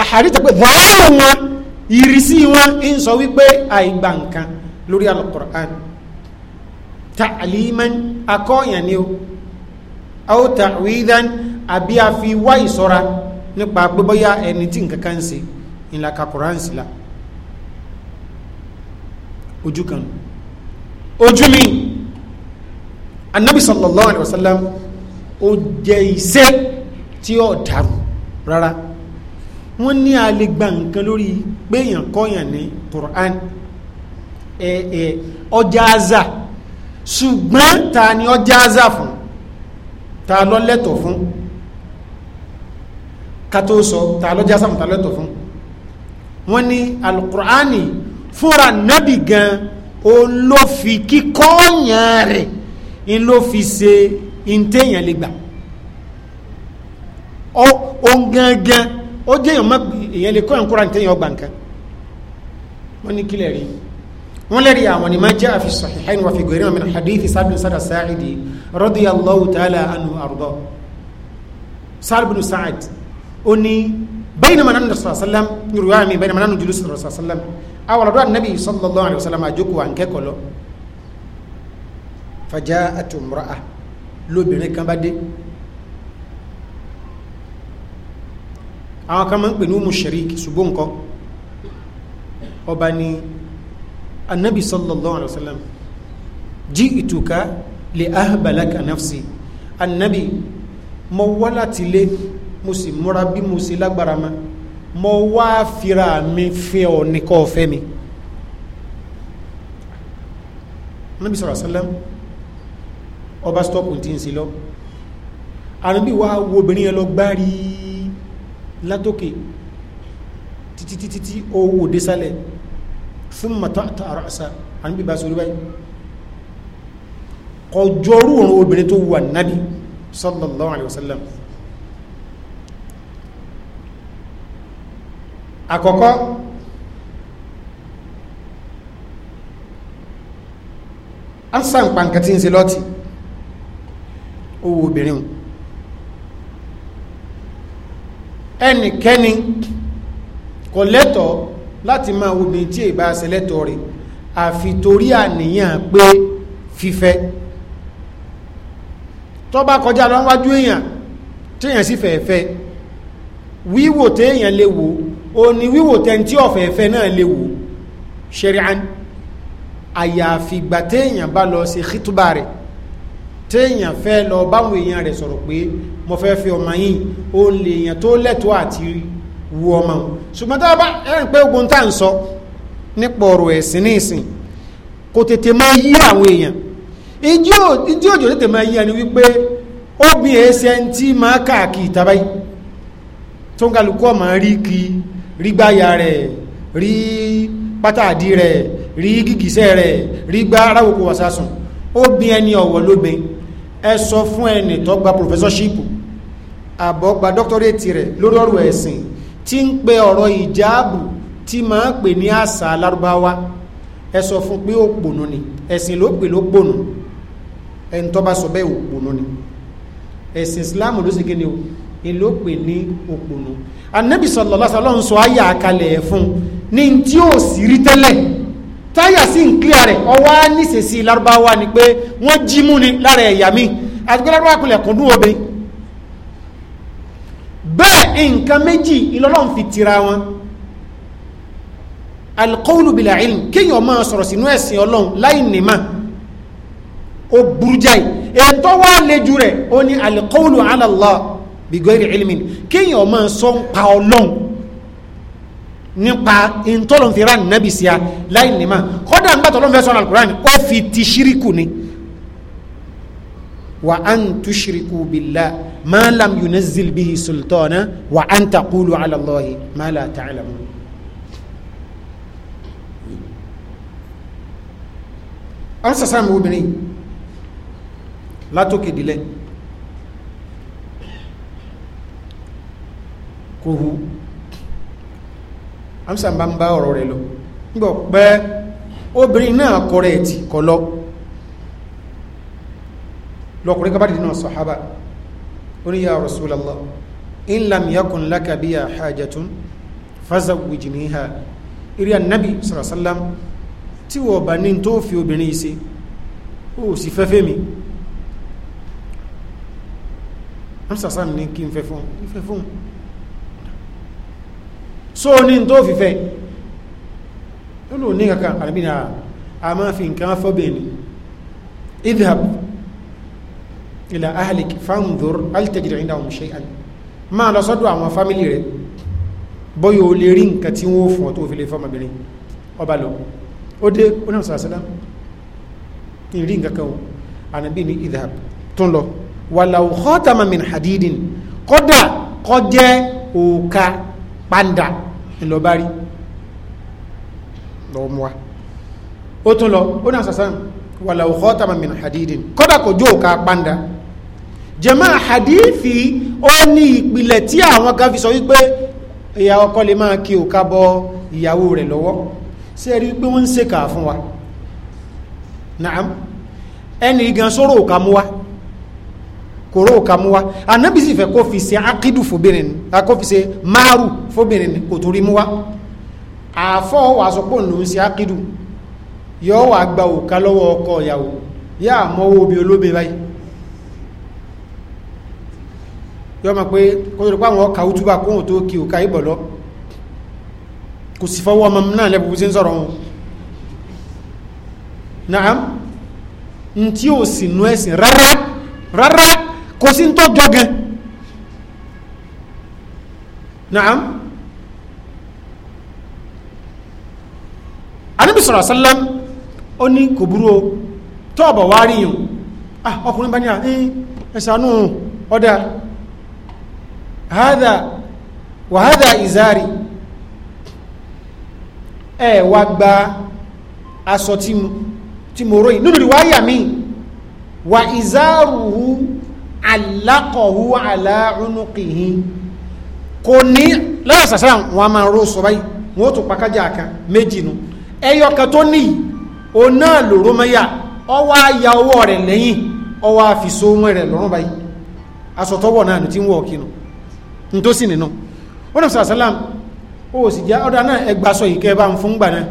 àhàrí tẹ̀pẹ́ bọ̀ wọn ìrísí wọn ń sọ wípé àìgbà nǹkan lórí alukur'an ta'aliman akọ́yàn ni o aw ta'widan àbí a fi wá ìsọ́ra nípa gbogboyà ẹni tí nǹkan kan ṣe ìlà kakuran sí la ojú kan ojú mi anabi sallallahu alaihi wasallam ó jẹ iṣẹ́ tí ó dàrú rárá wọ́n ní a lè lórí péyàn kọ́yàn ní Qur'an Eh, eh, ọjà àzà ṣùgbọ́n ta ni ọjà àzà fún ta lọ lẹ́tọ̀ fún ká tó sọ ta lọ́jà àzà fún ta lẹ́tọ̀ fún wọ́n ní alukur'ani fúnra nábì gan òun ló fi kíkọ́ ọ̀yàn rẹ̀ ń ṣe ìntẹ̀yàn lè gbà òun gangan ó jẹ́ mọ́ èèyàn lè kọ́ ẹ̀kúra ìntẹ̀yàn ọgbà nǹkan wọ́n ní kílẹ̀ rí i wọ́n lẹ́rí àwọn ni ma jaa fi sahihayn wa fi ghayrihima min hadithi Sa'd bin Sa'd as-Sa'idi radiyallahu ta'ala anhu arda Sa'd bin Sa'd ó ní baynama nanu sallallahu alaihi wasallam yorùbá mi baynama nanu julus sallallahu alaihi wasallam awàlọ́ dọ́ sallallahu alaihi wasallam àjókòó anabi sallallahu alaihi wasallam ji'tuka li ahbalaka nafsi anabi mo wá láti lé mo sì múra bí mo sì lágbára ma mo wá fira mi fẹ́ ọ ní kọ́ fẹ́ mi anabi sallallahu alaihi wasallam ọba stop ti ń si lọ anabi wá wo obìnrin yẹn lọ gbárí látòkè títí títí ó wò désàlẹ̀ fún mọ̀tọ́ àtàrà àṣà àníbí bá sórí báyìí kọjọrú òun obìnrin tó wà nábi sallallahu alaihi wasallam àkọ́kọ́ ansa npankan tí ń ṣe lọ́tì owó obìnrin ẹnikẹ́ni kò lẹ́tọ̀ọ́ láti máa obìnrin tí èbá sẹlẹ́tọ̀ rẹ̀ àfi torí àníyàn pé fífẹ́ tó bá kọjá lọ wájú èèyàn téèyàn sì fẹ̀ẹ̀fẹ́ wíwò téèyàn lè wò ó ní wíwò tẹ́ntí ọ̀fẹ̀ẹ̀fẹ́ náà lè wò ṣẹ̀ríán àyàfi ìgbà téèyàn bá lọ sí khituba rẹ̀ téèyàn fẹ́ lọ báwọn èèyàn rẹ̀ sọ̀rọ̀ pé mo fẹ́ fi ọmọ yìí ó lèèyàn tó lẹ́tọ̀ọ́ àti rí wu ọmọ ṣùgbọ́n tá a bá ẹ̀rìn pé ogun tá à ń sọ nípa ọ̀rọ̀ ẹ̀sìn ní ìsìn kò tètè máa yí àwọn èèyàn ìdí òjò tètè máa yí ẹni wípé óbí ẹsẹ̀ ń tí máa káàkiri ìtàbá yìí tó ń kálukú ọmọ rí kí rí gbáyà rẹ̀ rí pátádì rẹ̀ rí gìgísẹ̀ rẹ̀ rí gbá aráwòkú wàsásùn óbí ẹni ọ̀wọ̀ lóbin ẹ sọ fún ẹni tó gba professorship àbọ̀ gba doctorate rẹ̀ lórí ọ̀rọ̀ ẹ̀sìn tí ń pe ọ̀rọ̀ ìjáàbù tí máa pè ní àṣà lárúbáwá ẹ sọ fún pé òpònú ni ẹ̀sìn ló pè ló pònú ẹni tó bá sọ bẹ́ẹ̀ òpònú ni ẹ̀sìn islam ló sì kéde o èló pè ní òpònú anabi sallallahu alaihi wasallam àyà àkalẹ̀ ẹ̀ fún ní tí ó sì rí tẹ́lẹ̀ táyà sí ń kílíà rẹ̀ ọwọ́ á níṣẹ̀sí lárúbáwá ni pé wọ́n jí mú ni lára ẹ̀yà mi àti pé lárúbáwá kulẹ̀ kúndùn obìnrin bẹ́ẹ̀ nǹkan méjì ìlọ́lọ́n fi tira wọn alqawlu bila ilm kéèyàn máa sọ̀rọ̀ sínú ẹ̀sìn ọlọ́run láì nìma ó burú jáì ètò wà lẹ́jú rẹ̀ ó ní alqawlu ala Allah bi ghairi ilmin kéèyàn máa sọ ń pa ọlọ́run nípa ìtọ́lọ́n fi rán nàbì sí a láì nìma kọ́dà ń gbàtọ́ lọ́n fẹ́ sọ́nà alukurani ó fi ti ṣíríkù ni wa an tushriku billah ma lam yunazil bihi sultana wa an taqulu ala allahi ma la ta'lamun an sasa mi obìnrin látòkè dílẹ̀ kò hu amsa bá ń bá ọ̀rọ̀ rẹ̀ lọ nígbà pẹ́ obìnrin náà kọrẹ̀ ẹ̀tì kọ lọkùnrin kábàdì náà sọ̀hábà ó ní ya Rasulallah in lam yakun laka biya hajatun fazawwijniha eré anabi sallallahu alaihi wasallam tí wọ́n bá ní tó fi obìnrin yìí ṣe ó sì fẹ́fẹ́ mi amsasam ní kí n fẹ́ fún un fẹ́ fún un so ní tó fi fẹ́ ó ní kankan àrẹ́bìnrin a máa fi nǹkan fọ́bẹ̀ ni idhab ilà ahlik fanzur altejid ìdá ọmọ ṣe'an máa lọ sọ́dọ̀ àwọn fámílì rẹ̀ bóyá o lè rí nǹkan tí wọ́n fún ọ tó fi lè fọ́mọbìnrin ọba lọ ó dé onáà sàásánà ní rí nǹkan kan ànàbí ní idhab tó lọ walau khatama min hadidin kódà kọjẹ́ òka panda kò jó òka panda jàmáà hadithi ó ní ìpìlẹ̀ tí àwọn kan fi sọ wípé ìyá ọkọ lè máa kí òka bọ ìyàwó rẹ̀ lọ́wọ́ sí ẹ̀rí pé wọ́n ń ṣèkà fún wa naam ẹni gan sọ̀rọ̀ òka mú wa kòró òka mú wa anábì sì fẹ́ kó fi ṣe akídù fóbìnrin ni kó fi ṣe máàrù fóbìnrin ni kò torí mú wa àfọ́ wàá sọ pé òun ló ń ṣe akídù yọ wàá gba òka lọ́wọ́ ọkọ ìyàwó yá àmọ́ owó obì olóbe báyìí yọ ma pé kó tó dípá àwọn ọkà útúbà kóhùn tó kí òkà ìbọ̀lọ́ kò sì fọwọ́ ọmọ náà lẹ́bùbù sí ń sọ̀rọ̀ wọn náà n tí ò sì nú ẹ̀sìn rárá rárá kò sí ń tó jọ náà anábì sọ̀rọ̀ sálám ó ní kò búrú o ah, ọkùnrin bá ní à ń ọ̀dà wa hada hádà ìzárì ẹ wá gba aṣọ tí mo ròyìn nínú ìwáyà mi wà ìzárùhù alákọ̀hù aláàrúnúkìhì kò ní lọ́sàsà wọn máa ró sọ báyìí wọ́n tó pàkájà kan o ya aya ọwọ́ rẹ̀ lẹ́yìn ọwọ́ àfìsó mọ́ rẹ̀ lọ́rùn báyìí aṣọ tọ́wọ́ ti tí wọ́n nítòsí nínú wọ́n náà sàásálàm ó sì jẹ́ ọ̀dá náà ẹgbà sọ ìkẹ́ bá ń fún gbà náà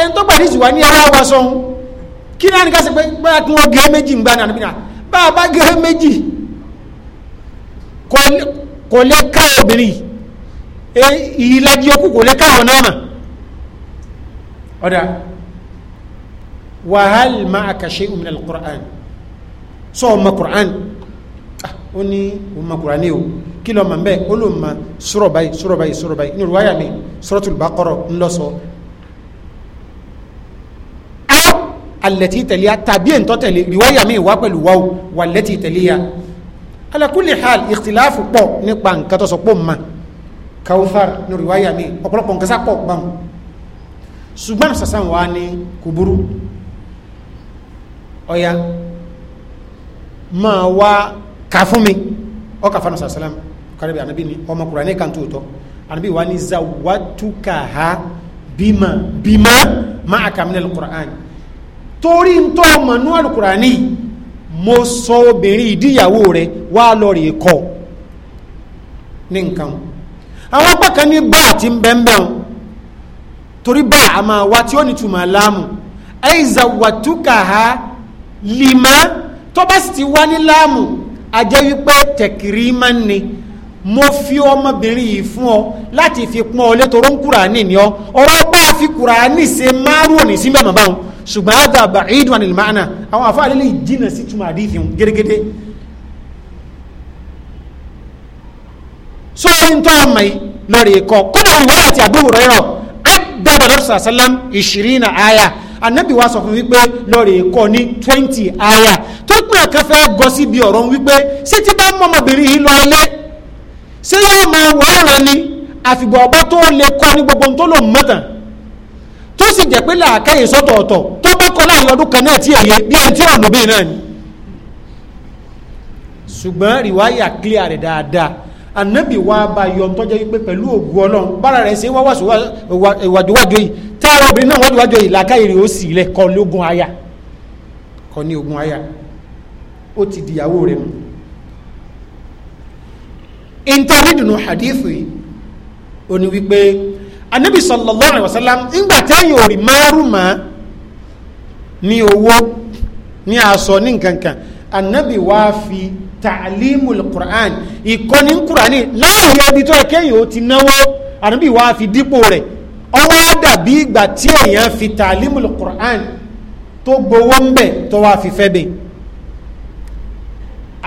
ẹni tó gbà ní ìsìwá ní ara wa sọ kí náà ní ká sì pé báyà kí wọ́n gẹ́ méjì ń gbà náà níbìnà bá bá gẹ́ méjì kò lè ká obìnrin ìlàjì okú kò lè ká ọ̀nà ọ̀dà wàhálì máa kàṣe òmìnira Qur'an sọ ọmọ Qur'an ó ní òun ma kùránì o kí lọ mà ń bẹ ó lò mà sọ̀rọ̀ báyìí sọ̀rọ̀ báyìí sọ̀rọ̀ báyìí nínú wáyà mi Suratul Baqara ńlọsọ. a alẹ́tì tẹ̀lé ya tàbí ẹ̀ńtọ́ tẹ̀lé ìwáyà mi wá pẹ̀lú wáwò wà lẹ́tì tẹ̀lé ya ala kulli hal ìtìláàfù pọ̀ nípa nǹkan tó sọ pọ̀ mà Kawthar nínú ìwáyà mi ọ̀pọ̀lọpọ̀ nǹkan pọ̀ gbàmù ṣùgbọ́n sàsán wa ní kùbúrú ọ̀ya máa wá kà fún mi ọkà fanu sàlám kárẹ́bì ànábì ni ọmọ kùránì kan tó tọ́ ànábì wa ni zawatukaha bima bima ma àkàmìnà alukur'an torí ntọ́ ọmọnú alukur'ani mo sọ obìnrin ìdíyàwó rẹ wá lọ rè kọ́ ní nǹkan àwọn apá kan ní bá àti bẹ́ẹ̀nbẹ́ẹ̀ torí bá a máa tí ó ní túmọ̀ láàmù ẹ̀yìn zawatukaha lima tọ́ba sì ti wá ní láàmù ajẹ́ wípé tẹ̀kìrìmá ni mo fi ọmọbìnrin yìí fún ọ láti fi pọ́n ọ létoró ń kúránì ni ọ ọ̀rọ̀ pa àfi kúránì ṣe márùn òní sí mẹ́mọ̀ báwọn ṣùgbọ́n àgbà bàídùn àni ìmáàna àwọn àfáà lè jìnà sí túmọ̀ àdìsí wọn gédégédé so n tó ọmọ yìí lọ́rọ̀ ẹ̀kọ́ kódà ìwé àti àbúrò rẹ̀ rọ̀ dábàá lọ́rọ̀ sàlám ìṣìrìnà àyà ànábì sọ fún wípé lọ́rọ̀ ẹ̀kọ́ ní twenty àyà ṣùgbọ́n gbọ́n kan fẹ́ gọ síbi ọ̀rọ̀ wípé ṣé tí bá mọ́mọbìnrin yìí lọ ilé ṣé yóò máa wọ ọ̀ràn ni àfìgbà ọba tó lè kọ́ ní gbogbo tó lòun mọ́tàn tó sì jẹ́ pé làákẹ́yìn sọ́tọ̀ọ̀tọ̀ tó bá kọ́ láàrin ọdún kan náà tí èyí bí ẹni tí ọ̀nà bíi náà ni. ṣùgbọ́n rìwáyà clear dáadáa wa yọ tọ́jọ́ yìí pẹ̀lú ògùn ọlọ́run bára rẹ̀ ṣe wáwàsó yìí táwọn obìnrin náà yìí ó sì lẹ̀ kọ́ aya. ó ti dìyàwó rẹ̀ nù ìntàrídùnú hadithu yìí ó ní wípé anabi sallallahu alayhi wa sallam ńgbà tẹ́yìn òrì márùnmá ní owó ní aṣọ ní nkankan anabi wá fi ta'limul qur'an ìkọ́ni qur'ani láàyè ibi tó yẹ kéèyàn ó ti náwó anabi wá fi dípò rẹ̀ ọwọ́ dàbí ìgbà tí èèyàn fi ta'limul qur'an tó gbowó ń bẹ̀ tó wá fi fẹ́ bẹ́ẹ̀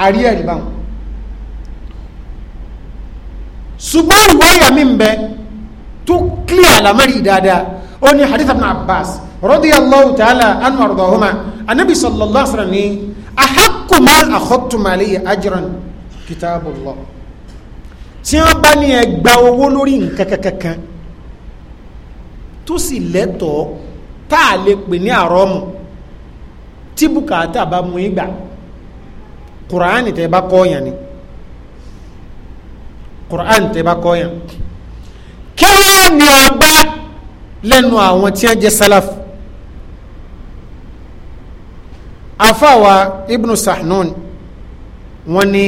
àrí ẹ̀rí báwọn ṣùgbọ́n ìwáyà mi ń bẹ tó clear àlámẹ́rì dáadáa ó ní hadith ibn abbas radiyallahu ta'ala anhu ardahuma anabi sallallahu alaihi wasallam ni ahakku ma akhadtum alayhi ajran kitabullah tí wọ́n bá ní ẹgbà owó lórí nǹkan tó sì lẹ́tọ̀ọ́ tá a lè pè ní àrọ́mù tí bùkátà bá mú ìgbà kùránì tẹ́ bá kọ́ọ̀yàn ni kùránì tẹ́ bá kọ́ọ̀yàn kí wọ́n ní ọgbà lẹ́nu àwọn tí wọ́n jẹ́ sálàfù afáwa ibnu sahnun wọ́n ní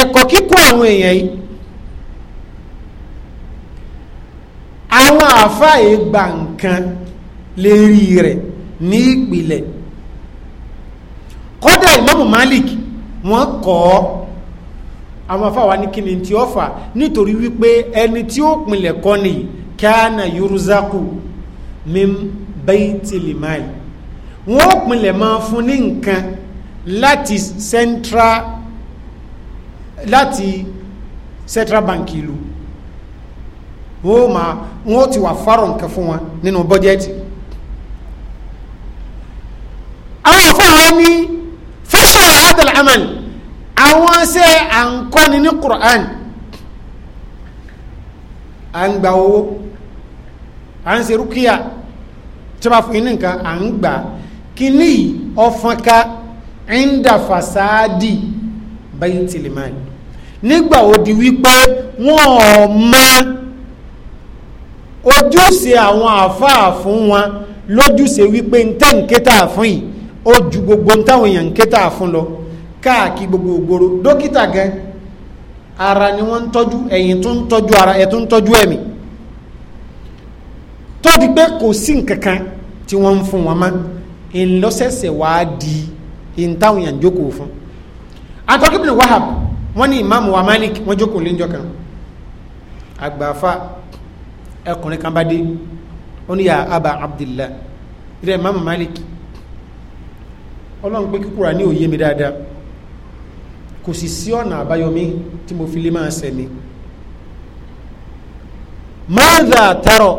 ẹ̀kọ́ kíkọ́ àwọn èèyàn yìí àwọn àfáà yìí gbà nǹkan lérí rẹ̀ ní ìpìlẹ̀ kọ́dà ìmọ̀mù Malik wọ́n kọ́ ọ́ àwọn afáwa ní kíni tí ó fà nítorí wípé ẹni tí ó pinlẹ̀ kọ́ ni kíánà yuruzaku min baitil mal wọ́n pinlẹ̀ máa fún ní nǹkan láti central láti central bank ìlú wọ́n ma wọ́n ti wà fárọ̀ nǹkan fún wọn nínú bọ́jẹ́tì àwọn afáwa ní al amal àwọn ṣe à ń kọ́ni ní Qur'an à ń gba owó à ń ṣe rúkìá tí a bá fún yín nìkan à ń gbà kíní ọ̀fọ̀nká ẹ̀ńdà fàsáàdì baytil mal nígbà ó di wípé wọn ò mọ ojúṣe àwọn àfáà fún wọn lójúṣe wípé ntẹ́ nkẹ́tà fún yìí ó ju gbogbo ntáwọn èèyàn nkẹ́tà fún lọ káàkiri gbogbo ògboro dókítà gan ara ni wọ́n ń tọ́jú ẹ̀yìn tó ń tọ́jú ara ẹ̀ tó ń tọ́jú ẹ̀mí tó di pé kò sí nkankan tí wọ́n ń fún wọn mọ́ ńlọ́sẹ̀sẹ̀ wàá di ìntàwọn yàn jókòó fún akọ́kíbìnrin wahab wọ́n ní ìmáàmù wa malik wọ́n jókòó léńjọ kan àgbàfa ẹkùnrin kan bá dé ó ní yà abba abdillah ilẹ̀ ìmáàmù malik ọlọ́run pé kíkúra ní òye mi dáadáa kò sì sí ọ̀nà àbáyọmí tí mo fi lè máa sẹ̀mí mọ́dà tọrọ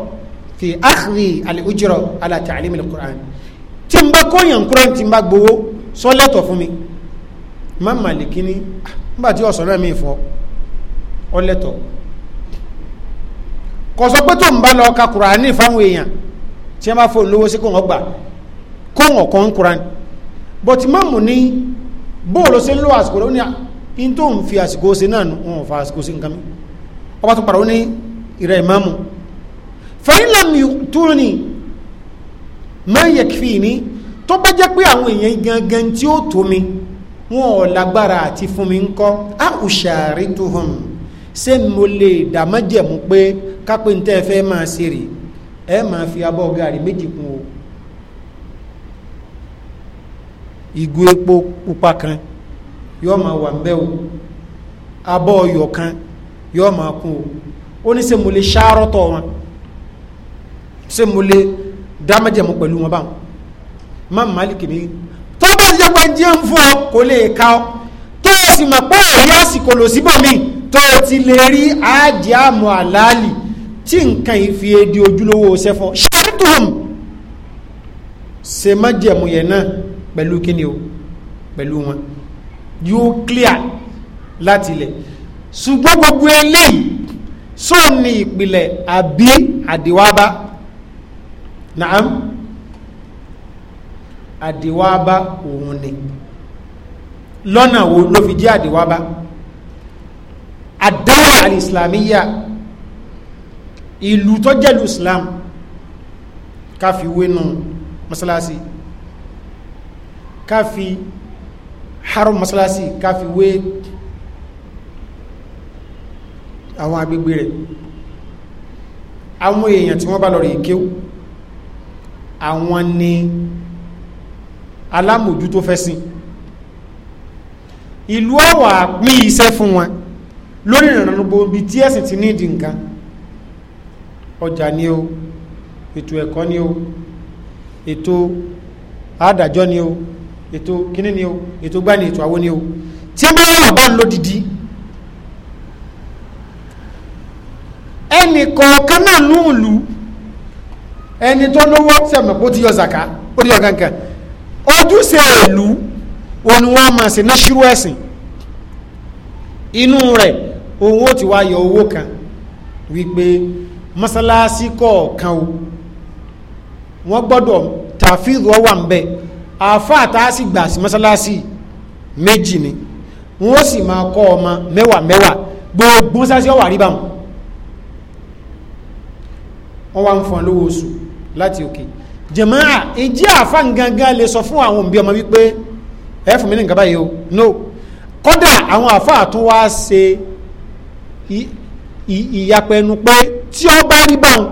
fi áhìrì alìhújírọ̀ alàtàlímì alukur'an tí n bá kóyàn kúrò tí n bá gbowó sọ́lẹ̀tọ̀ fún mi má màlìkí ní ah, nígbà tí ọ̀sán náà mi fọ́ ọlẹ́tọ̀ kò sọ pé tó ń bá lọ ka kùránì fáwọn èèyàn tí wọ́n bá fò lówó sí kò wọ́n gbà kó wọ́n kọ́ ń bọ̀tí má mú bóòlù sí lọ àsìkò lóní in tó ń fi àsìkò sí náà wọn fa àsìkò sí nǹkan mi ọba tó pàdánù ní ìrẹ ìmáàmù fẹ́ńlámi túrú ni máa yẹ kìfì ní tó bá jẹ́ pé àwọn èèyàn gangan tí ó tó mi wọn ò lágbára àti fún mi ń kọ́ á ò ṣàárí tó hàn ṣé mo lè dàmájẹ̀mú pé kápẹ́ntẹ́ fẹ́ máa ṣe rè ẹ máa fi abọ́ gàrí méjì kún o ìgò epo pupa kan yóò máa wà ń bẹ́ o abọ́ ọyọ̀ kan yóò máa kún o ó ní ṣe mo lè ṣàárọ̀tọ̀ wọn ṣe mo lè dámẹ́jẹ̀mú pẹ̀lú wọn báwọn má màálìkì ní tó bá ti jẹ́pẹ́ jẹ́ ń fún ọ kò lè ka ọ tó o sì mọ̀ pé àrí àsìkò lò síbòmí tó o ti lè rí àjẹ́ àmọ́ àlàálì tí nǹkan yìí fi di ojúlówó ṣẹ́fọ́ ṣáàtùm ṣe májẹ̀mú yẹn náà pẹ̀lú kíni o pẹ̀lú wọn yóò clear láti ilẹ̀ ṣùgbọ́n gbogbo eléyìí sọ ní ìpìlẹ̀ àbí àdìwábá naam àdìwábá òun ni lọ́nà wo ló fi jẹ́ àdìwábá àdáwà alìsìlámíyà ìlú tó jẹ́lu islam káfíwé nù mọ́sálásí. No, ká fi haram masalasi ká fi wé àwọn agbègbè rẹ̀ àwọn èèyàn tí wọ́n bá lọ rí kéw àwọn ni alámòjú tó fẹ́ sí ìlú ọ̀wà pín iṣẹ́ fún wọn lórí ìrìnàrìn gbogbo tí ẹ̀sìn ti ní ìdí nǹkan ọjà ni o ètò ẹ̀kọ́ ni o ètò àdájọ́ ni o ètò kíní ni o ètò gbá ni ètò àwo ni o tí a bá wà bá ń lo dìdí ẹnì kọ̀ọ̀kan náà ló ń lù ẹni tó lówó sẹ̀mọ̀ bó ti yọ zaka ó ti yọ kankan ojúṣe ìlú òun wọn máa ṣe náṣírò ẹ̀sìn inú rẹ̀ òun ti wá yọ owó kan wípé mọ́sálásí kọ̀ọ̀kan o wọ́n gbọ́dọ̀ tàfíìrù ọwà ń bẹ́ẹ̀ àáfàá tá a sì gbà sí mọ́sálásí méjì ni wọ́n sì máa kọ́ ọmọ mẹ́wàá mẹ́wàá gbogbo mọ́sálásí ọ̀wà rí báwọn wọ́n wá ń fọn lówó oṣù láti òkè jẹ̀máà ìjí àáfàá gangan lè sọ fún àwọn òbí ọmọ wípé ẹ fún mi ní nǹkan báyìí o no kódà àwọn àáfàá tún wá ṣe ìyapẹnu pé tí ó bá rí báwọn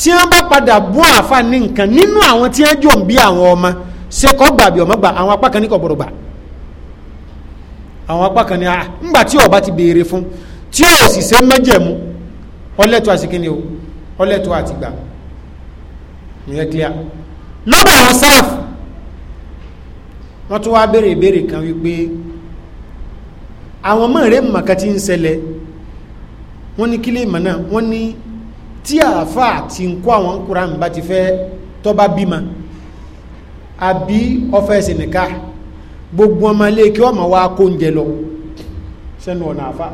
tí wọ́n bá padà bú àáfàá ní nǹkan nínú àwọn tí wọ́n jò ń bí àwọn ọmọ Se kọ́ gbà bí ọmọ gbà àwọn apá kan ní kò gbọdọ̀ gbà àwọn apá kan ní a ah, ńgbà tí ọba ti béèrè fún tí ó sì ṣe mẹ́jẹ̀mú ọlẹ́tọ̀ àti kíni o ọlẹ́tọ̀ àti gbà ìyẹn clear lọ́dọ̀ àwọn sáàfù wọ́n tún wá béèrè ìbéèrè kan wípé àwọn mọ̀rẹ́ màkà tí ń ṣẹlẹ̀ wọ́n ní kílé ìmọ̀ náà wọ́n ní tí àáfàá ti ń kó àwọn kúránì bá ti fẹ́ tọ́ bímọ àbí ọfẹ́sì nìka gbogbo ọmọ ilé kí wọ́n máa wá kó oúnjẹ lọ sẹ́nu ọ̀nà àfa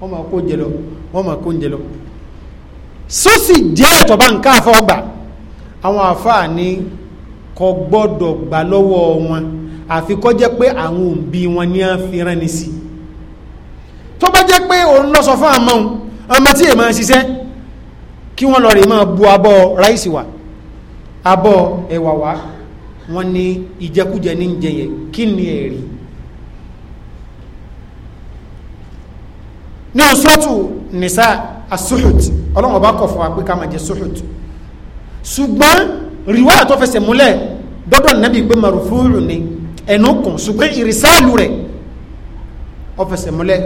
wọ́n máa kó oúnjẹ lọ wọ́n máa kó oúnjẹ lọ sósì jẹ́ ẹ̀tọ́ bá nǹkan àfa ọgbà àwọn àfa ní kò gbọ́dọ̀ gbà lọ́wọ́ wọn àfi kọ́ jẹ́ pé àwọn òbí wọn ní à ń fi rán ni sí tó bá jẹ́ pé òun lọ sọ fún àmọ́ ọmọ tí èèmọ̀ ṣiṣẹ́ kí wọ́n lọ rè máa bu abọ́ ráìsì wà abọ́ ẹ̀wà wà wọ́n ní ìjẹkújẹ ní jẹyẹ kí ni ẹ̀rí ní ọ̀sọ́tù nìsá asuhut ọlọ́wọ́n bá kọ̀ fún wa pé ká máa jẹ suhut ṣùgbọ́n riwaya tó fẹsẹ̀ múlẹ̀ dọ́dọ̀ nẹ́bí pé marufuru ni ẹnu kùn ṣùgbọ́n ìrísàlù rẹ̀ ó múlẹ̀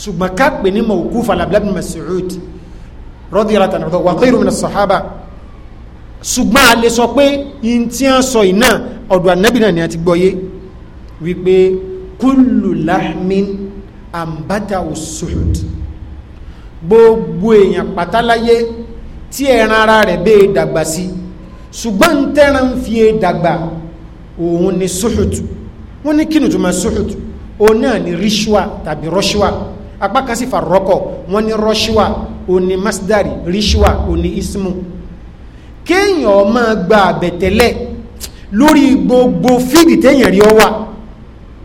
ṣùgbọ́n ká pè ní mawquf ala ibn Mas'ud radiyallahu anhu wa ghayru ṣùgbọ́n a lè sọ pé in tí a sọ iná ọ̀dọ̀ ànábì náà ni a ti gbọ́yé wípé kúlù láhmin àmbátà òṣùhùd gbogbo èèyàn pátáláyé tí ẹran ara rẹ̀ bẹ́ẹ̀ dàgbà sí ṣùgbọ́n ń tẹ́ran fi e dàgbà òun ni ṣùhùd wọ́n ní kí nìtúmọ̀ ṣùhùd òun náà ni ríṣùà tàbí rọ́ṣùà apá kan sì fà rọ́kọ̀ wọ́n ní rọ́ṣùà òun ni masdari ríṣùà òun ni ismu kéèyàn ọmọ gba àbẹ̀tẹ́lẹ̀ lórí gbogbo fíìdì téèyàn rí ọ wà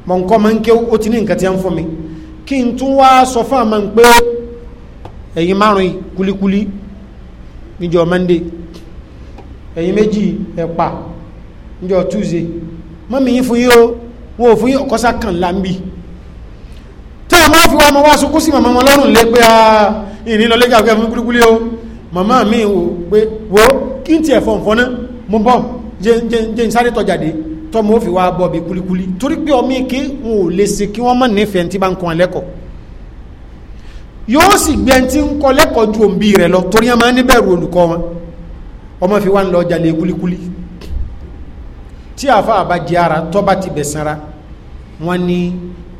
mọ̀ nǹkan ń ké ó ti ní nǹkan tí a ń fọ́ mi kí n tún wá sọ fún àmọ́ pé ẹ̀yin márùn-ún kulikuli níjọ monday méjì fún o wọ́n fún ọ̀kọ́sá kan tí a máa fi wá ọmọ wá sí màmá wọn lọ́rùn lé pé ah, ìrìn fún kulikuli o màmá mi wò pé kí n tiẹ̀ fọ̀nfọ̀n náà mo bọ̀ jẹ́ n sáré tọ́jáde tọ́mọ ó fi wá bọ̀ bí kulikuli torí pé ọmọ ike n ò lè ṣe kí wọ́n mọ̀ nífẹ̀ẹ́ tí bá ń kọ́ lẹ́kọ̀ọ́ yóò sì gbé ẹni tí ń kọ́ lẹ́kọ̀ọ́ ju òǹbí rẹ̀ lọ torí ẹ máa níbẹ̀rù olùkọ́ wọn ọmọ fi wá ń lọ jalè kulikuli tí àfa àbájẹ ara tọ́ba ti bẹ̀ sanra wọn ni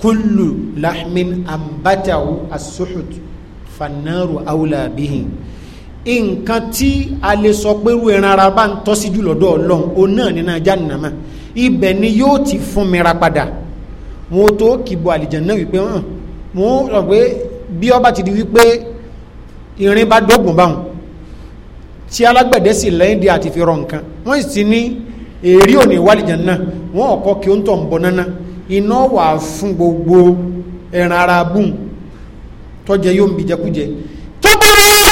kullu lahmin ambatahu asuhut fannaru awla nǹkan tí a lè sọ pé irú ẹran ara bá ń tọ́ sí jù lọ́dọ̀ ọlọ́run o náà nínú Jahannama ibẹ̀ ni yóò ti fún mi ra padà wọn tó kìbọ àlìjánnà wípé hàn wọn rọ pé bí ọba ti di wípé irin bá dọ́gbọ̀n báwọn tí alágbẹ̀dẹ sì lẹ́yìn di àti fi rọ nǹkan wọ́n sì ní èrè òní wàlìjánnà wọn ọ̀kọ́ kí ó ń tọ̀ ń bọ̀ náná iná wà fún gbogbo ẹran ara bùn tọ́jẹ yóò ń bi jẹkújẹ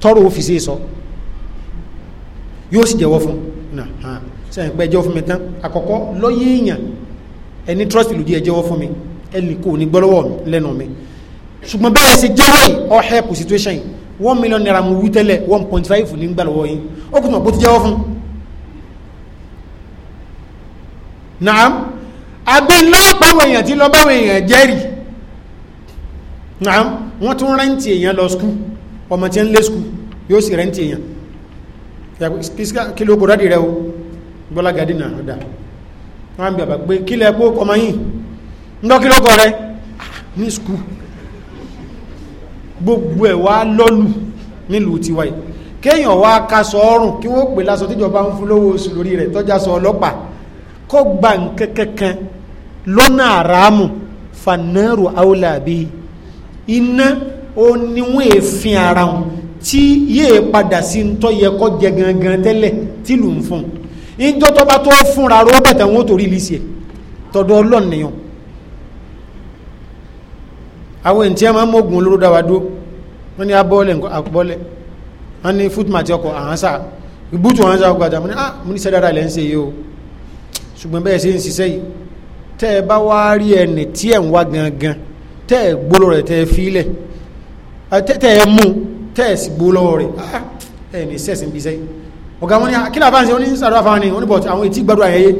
tọrọ òfìsí sọ yóò sì jẹ́wọ́ fún sẹ́yìn pé ẹjọ́ fún mi tán àkọ́kọ́ lọ́yé èèyàn ẹni trust ìlú jẹ́ ẹjọ́wọ́ fún mi ẹni kò ní gbọ́lọ́wọ́ lẹ́nu mi ṣùgbọ́n bẹ́ẹ̀ sí jẹ́wọ́ yìí all help situation yìí one million naira mo wí tẹ́lẹ̀ one point five ní gbàlọ́wọ́ yìí ó kùtù mọ̀ bó ti jẹ́wọ́ fún naam àbí lọ́pàá èèyàn tí lọ́ bá èèyàn jẹ́rìí naam wọ́n tún rẹ́ǹtì èèyàn lọ school ọmọ tí ń lé skul yóò sì rẹ́ǹtì èèyàn kí ló gbọ́dọ̀ dìrẹ́ o gbọ́lá gàdínà ọ̀dà wọ́n bí àbá pé kí lẹ́ pé ọmọ yìí ńlọ kí ló kọ rẹ ní skul gbogbo ẹ̀ wá lọ́lù nílùú tiwa yìí kéèyàn wá kaṣọ ọrùn kí wọ́n pè lásọ tíjọba ń fún lówó oṣù lórí rẹ̀ tọ́jà sọ ọlọ́pàá kó gba nǹkan lọ́nà àràámù fanáàrù aulabi iná ó níwọ̀n èéfín ara wọn tí yéé padà sí ntọ́ yẹ kọ́ jẹ gangan tẹ́lẹ̀ tí lù ń fún un ìjọ tó bá tó fúnra robert àwọn tó rí lisi ẹ̀ tọ̀dọ̀ ọlọ́ọ̀nìyàn àwọn èntì ẹ̀ máa ń mọ̀gùn olóró dáwà dúró wọ́n ní abọ́ọ̀lẹ̀ àbọ́ọ̀lẹ̀ wọ́n ní fútmàtì ọkọ̀ àhánsà ìbútù àhánsà ọkọ̀ àjà wọ́n ní ah mo ní sẹ́dára ilẹ̀ ń ṣe yìí o ṣùgbọ́n bẹ́ẹ̀ ṣe ń ṣiṣẹ́ yìí tẹ́ ẹ bá wá rí ẹni tí ẹ̀ ń wá gangan tẹ́ ẹ gbóló rẹ̀ tẹ́ ẹ fílẹ̀ tẹ́ ẹ mú tẹ́ ẹ sì gbó lọ́wọ́ rẹ̀ ah, ẹ ní sẹ́sìn bí sẹ́yìn ọ̀gá wọn ni ah, kí làbá ń ṣe oníṣàdọ́ àfáwọn ni oníbọ̀ àwọn ètí gbàdúrà ayẹyẹ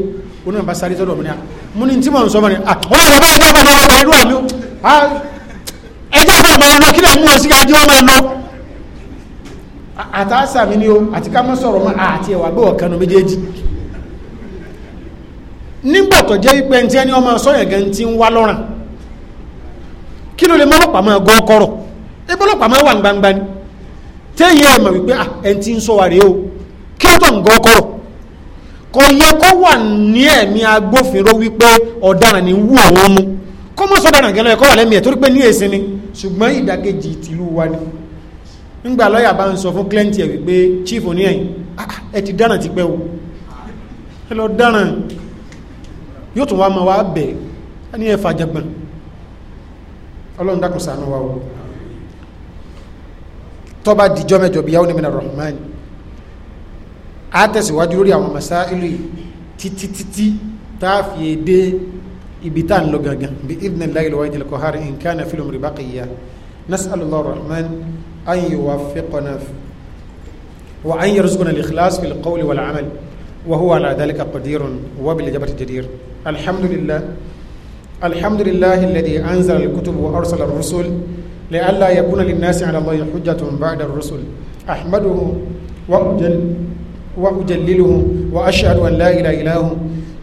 onímọ̀ bá sáré sọ́dọ̀ mìíràn ah, mú ní tí mò ń sọ mọ́ ni wọ́n yà bàbá ẹ̀dá bàbá ọmọ ẹ̀dúrà mi ẹ̀dá bàbá ọmọ kí lè mú ọsí ká jẹ́ ọmọ ẹ̀ lọ. àtàṣà ni o àti ká mọ́ sọ̀rọ̀ mọ́ àti ẹ̀wà gbé ọ̀kanu méjèèjì nígbà tó jẹ́ pé ẹni tí ẹni ọmọ sọ́yẹ̀ gan ti ń wá lọ́ràn kí ló lè mọ́ pàmò ẹ̀gọ́ ẹgbọ́lọ́pàá máa wà gbangba ni téèyàn ẹ̀ mọ̀ wípé ẹn ti n sọ wà o kí ó tọ̀ kọ gọ́ kò yẹ kó wà ní ẹ̀mí agbófinró wípé ọ̀daràn ni wù òun mú kó mọ́ sọ́dọ̀ràn gẹ́lẹ́ ẹ̀kọ́ wà lẹ́mí ẹ̀ torí pé ní èsì ni wa ni lọ́yà bá ń sọ fún chief ẹ ti dáràn ti pẹ́ o ẹ lọ dáràn yóò tún wá wá bẹ̀ ẹ ní ẹ fàjẹgbọ̀n tọ́ba dijọ́ mẹ́jọ bíyàwó ni mina rahman a tẹ̀síwájú lórí àwọn masáìlì títí títí tá a fi dé ibi tá a ń lọ gangan bí idina láyé lọ́wọ́ ìjìnlẹ̀ kọ́hárì nǹkan náà fílùmù rìbá kìíyà rahman an yi wa fiqona wa an yi rizqona likhlas fil qawli wal amal wa huwa ala dhalika qadirun wa bil jabati jadir alhamdulillah alhamdulillah alladhi anzala kutub wa arsala rusul لئلا يكون للناس على الله حجة بعد الرسل أحمده وأجل وأجلله وأشهد أن لا إله إلا هو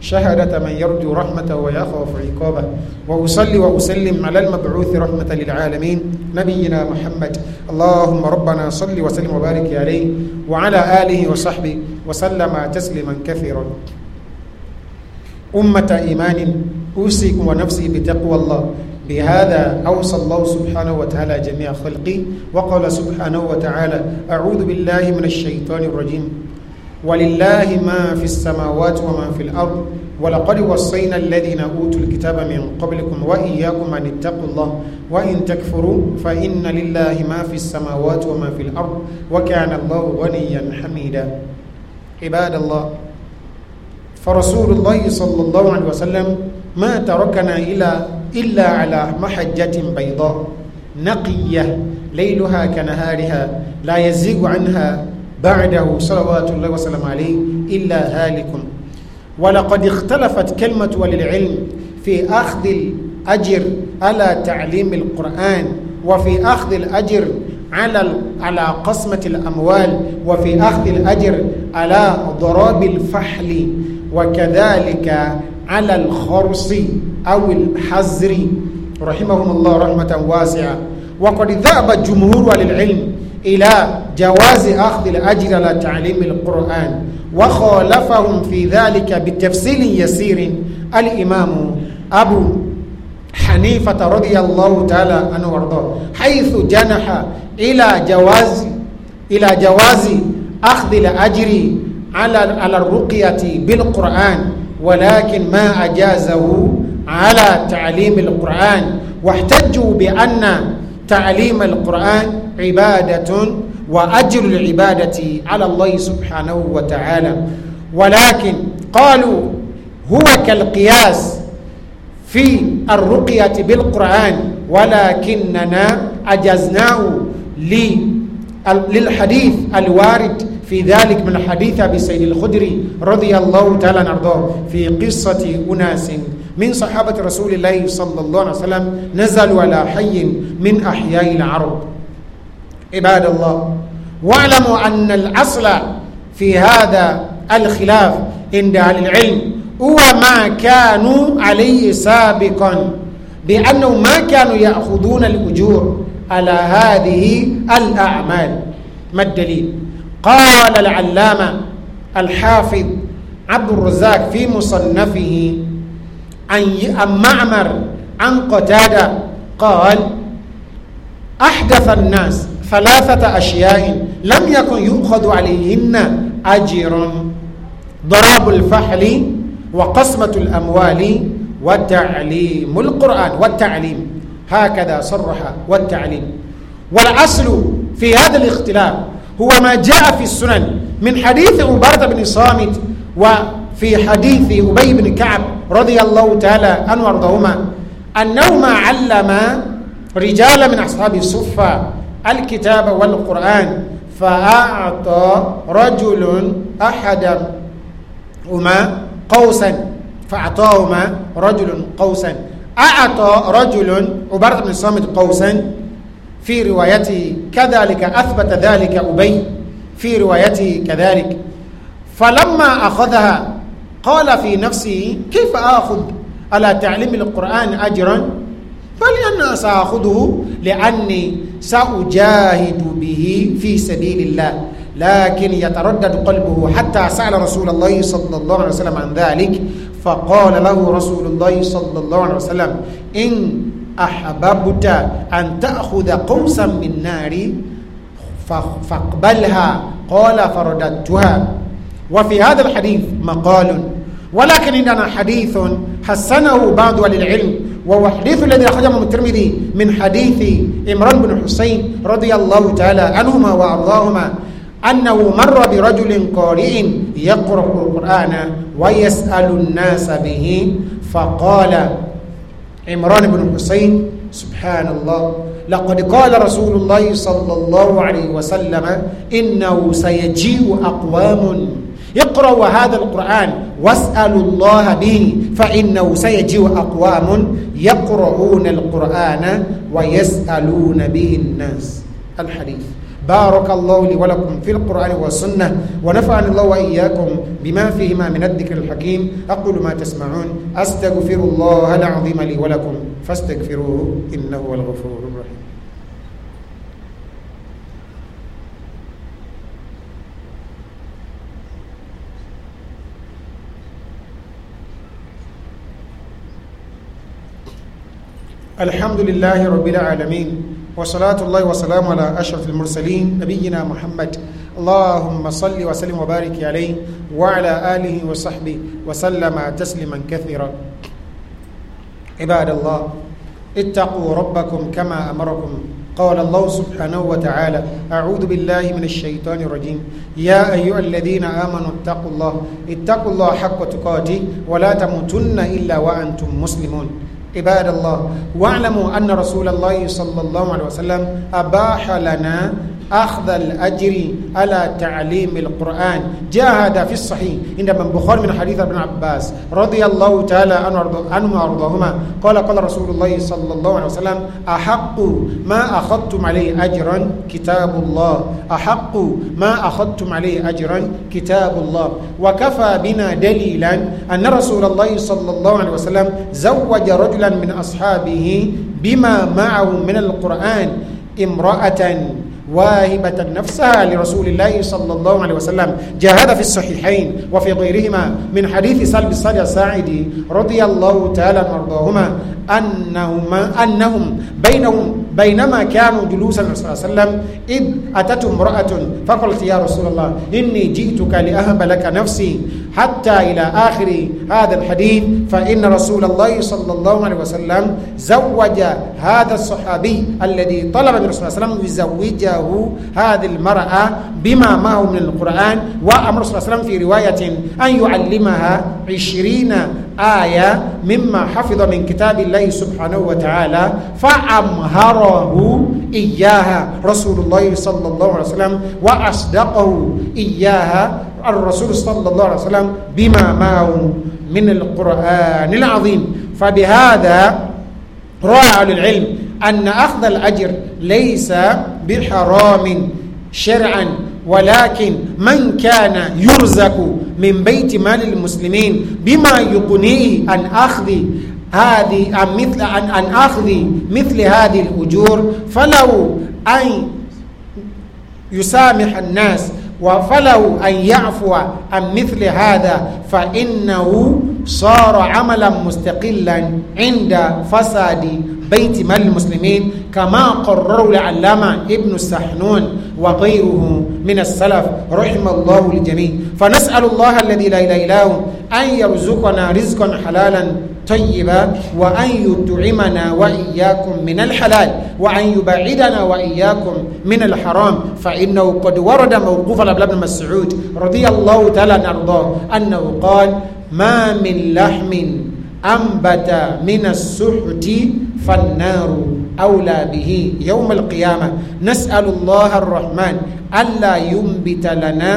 شهادة من يرجو رحمته ويخاف عقابه وأصلي وأسلم على المبعوث رحمة للعالمين نبينا محمد اللهم ربنا صل وسلم وبارك عليه وعلى آله وصحبه وسلم تسليما كثيرا أمة إيمان أوصيكم ونفسي بتقوى الله بهذا أوصى الله سبحانه وتعالى جميع خلقه وقال سبحانه وتعالى أعوذ بالله من الشيطان الرجيم ولله ما في السماوات وما في الأرض ولقد وصينا الذين أوتوا الكتاب من قبلكم وإياكم أن اتقوا الله وإن تكفروا فإن لله ما في السماوات وما في الأرض وكان الله غنيا حميدا عباد الله فرسول الله صلى الله عليه وسلم ما تركنا إلى إلا على محجة بيضاء نقية ليلها كنهارها لا يزيغ عنها بعده صلوات الله وسلم عليه إلا هالك ولقد اختلفت كلمة وللعلم في أخذ الأجر على تعليم القرآن وفي أخذ الأجر على على قسمة الأموال وفي أخذ الأجر على ضراب الفحل وكذلك على الخرص أو الحزر رحمهم الله رحمة واسعة وقد ذهب جمهور العلم إلى جواز أخذ الأجر على تعليم القرآن وخالفهم في ذلك بتفصيل يسير الإمام أبو حنيفة رضي الله تعالى عنه وارضاه حيث جنح إلى جواز إلى جواز أخذ الأجر على على الرقية بالقرآن ولكن ما أجازه على تعليم القرآن واحتجوا بأن تعليم القرآن عبادة وأجر العبادة على الله سبحانه وتعالى ولكن قالوا هو كالقياس في الرقية بالقرآن ولكننا أجزناه للحديث الوارد في ذلك من حديث أبي سيد الخدري رضي الله تعالى عنه في قصة أناس من صحابة رسول الله صلى الله عليه وسلم نزلوا على حي من أحياء العرب عباد الله واعلموا أن الأصل في هذا الخلاف عند أهل العلم هو ما كانوا عليه سابقا بأنه ما كانوا يأخذون الأجور على هذه الأعمال ما الدليل قال العلامة الحافظ عبد الرزاق في مصنفه عن معمر عن قتادة قال أحدث الناس ثلاثة أشياء لم يكن يؤخذ عليهن أجر ضراب الفحل وقسمة الأموال وتعليم القرآن والتعليم هكذا صرح والتعليم والأصل في هذا الاختلاف هو ما جاء في السنن من حديث عبادة بن صامت وفي حديث أبي بن كعب رضي الله تعالى عنه وارضاهما أنه ما علم رجال من أصحاب الصفة الكتاب والقرآن فأعطى رجل أحدهما قوسا فأعطاهما رجل قوسا أعطى رجل عباده بن صامت قوسا في روايته كذلك أثبت ذلك أبي في روايته كذلك فلما أخذها قال في نفسه كيف آخذ على تعليم القرآن أجرا بل أنا سأخذه لأني سأجاهد به في سبيل الله لكن يتردد قلبه حتى سأل رسول الله صلى الله عليه وسلم عن ذلك فقال له رسول الله صلى الله عليه وسلم إن أحببت أن تأخذ قوسا من نار فاقبلها قال فرددتها وفي هذا الحديث مقال ولكن عندنا حديث حسنه بعض أهل العلم وهو الحديث الذي أخرجه الترمذي من حديث إمران بن حسين رضي الله تعالى عنهما وأرضاهما أنه مر برجل قارئ يقرأ القرآن ويسأل الناس به فقال عمران بن حسين سبحان الله لقد قال رسول الله صلى الله عليه وسلم إنه سيجيء أقوام اقرأوا هذا القرآن واسألوا الله به فإنه سيجيء أقوام يقرؤون القرآن ويسألون به الناس الحديث بارك الله لي ولكم في القرآن والسنة ونفعني الله وإياكم بما فيهما من الذكر الحكيم أقول ما تسمعون أستغفر الله العظيم لي ولكم فاستغفروه إنه هو الغفور الرحيم الحمد لله رب العالمين وصلاة الله وسلام على أشرف المرسلين نبينا محمد اللهم صل وسلم وبارك عليه وعلى آله وصحبه وسلم تسليما كثيرا عباد الله اتقوا ربكم كما أمركم قال الله سبحانه وتعالى أعوذ بالله من الشيطان الرجيم يا أيها الذين آمنوا اتقوا الله اتقوا الله حق تقاته ولا تموتن إلا وأنتم مسلمون عباد الله واعلموا أن رسول الله صلى الله عليه وسلم أباح لنا أخذ الأجر على تعليم القرآن جاء هذا في الصحيح عند من بخار من حديث ابن عباس رضي الله تعالى عنهما وأرضاهما قال قال رسول الله صلى الله عليه وسلم أحق ما أخذتم عليه أجرا كتاب الله أحق ما أخذتم عليه أجرا كتاب الله وكفى بنا دليلا أن رسول الله صلى الله عليه وسلم زوج رجلا من أصحابه بما معه من القرآن امرأة واهبة نفسها لرسول الله صلى الله عليه وسلم جاء هذا في الصحيحين وفي غيرهما من حديث سلب الصالح الساعدي رضي الله تعالى وارضاهما أنهما أنهم بينهم بينما كانوا جلوسا صلى الله عليه وسلم إذ أتته امرأة فقالت يا رسول الله إني جئتك لأهب لك نفسي حتى إلى آخر هذا الحديث فإن رسول الله صلى الله عليه وسلم زوج هذا الصحابي الذي طلب من رسول الله صلى الله عليه وسلم يزوجه هذه المرأة بما معه من القرآن وأمر صلى الله عليه وسلم في رواية أن يعلمها عشرين آية مما حفظ من كتاب الله سبحانه وتعالى فأمهره إياها رسول الله صلى الله عليه وسلم وأصدقه إياها الرسول صلى الله عليه وسلم بما معه من القرآن العظيم فبهذا رأى العلم أن أخذ الأجر ليس بحرام شرعا ولكن من كان يرزق من بيت مال المسلمين بما يقنيه عن أخذ هذه عن مثل عن, أن أخذ مثل هذه الأجور فلو أن يسامح الناس وفلو أن يعفو عن مثل هذا فإنه صار عملا مستقلا عند فساد بيت مال المسلمين كما قرره العلامة ابن سحنون وغيره من السلف رحم الله الجميع فنسأل الله الذي لا إله إلا هو أن يرزقنا رزقا حلالا طيبا وأن يطعمنا وإياكم من الحلال وأن يبعدنا وإياكم من الحرام فإنه قد ورد موقوف على ابن مسعود رضي الله تعالى عنه أنه قال ما من لحم أنبت من السحت فالنار أولى به يوم القيامة نسأل الله الرحمن ألا ينبت لنا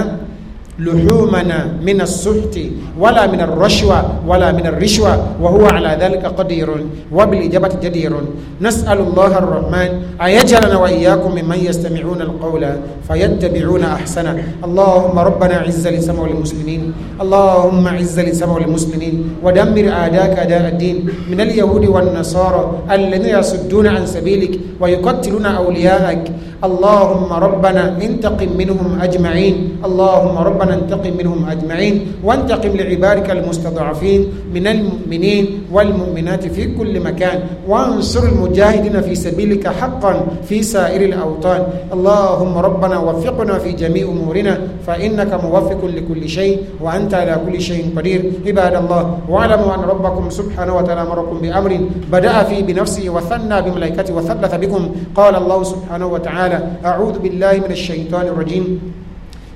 لحومنا من السحت ولا من الرشوة ولا من الرشوة وهو على ذلك قدير وبالإجابة جدير نسأل الله الرحمن أن يجعلنا وإياكم ممن يستمعون القول فيتبعون أحسنه اللهم ربنا عز لسمع المسلمين اللهم عز لسمع المسلمين ودمر أعداءك أداء الدين من اليهود والنصارى الذين يصدون عن سبيلك ويقتلون أولياءك اللهم ربنا انتقم منهم أجمعين اللهم ربنا انتقم منهم أجمعين وانتقم لعبادك المستضعفين من المؤمنين والمؤمنات في كل مكان وانصر المجاهدين في سبيلك حقا في سائر الأوطان اللهم ربنا وفقنا في جميع أمورنا فإنك موفق لكل شيء وأنت على كل شيء قدير عباد الله واعلموا أن ربكم سبحانه وتعالى أمركم بأمر بدأ فيه بنفسه وثنى بملائكته وثبت بكم قال الله سبحانه وتعالى تعالى أعوذ بالله من الشيطان الرجيم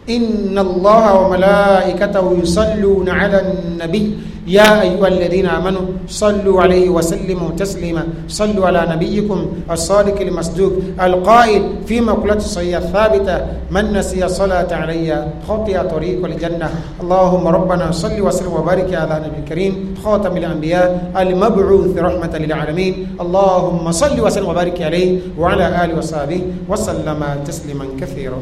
إن الله وملائكته يصلون على النبي يا أيها الذين آمنوا صلوا عليه وسلموا تسليما صلوا على نبيكم الصادق المصدوق القائل في مقولة الصحية الثابتة من نسي الصلاة علي خطئ طريق الجنة اللهم ربنا صل وسلم وبارك على نبي الكريم خاتم الأنبياء المبعوث رحمة للعالمين اللهم صل وسلم وبارك عليه وعلى آله وصحبه وسلم تسليما كثيرا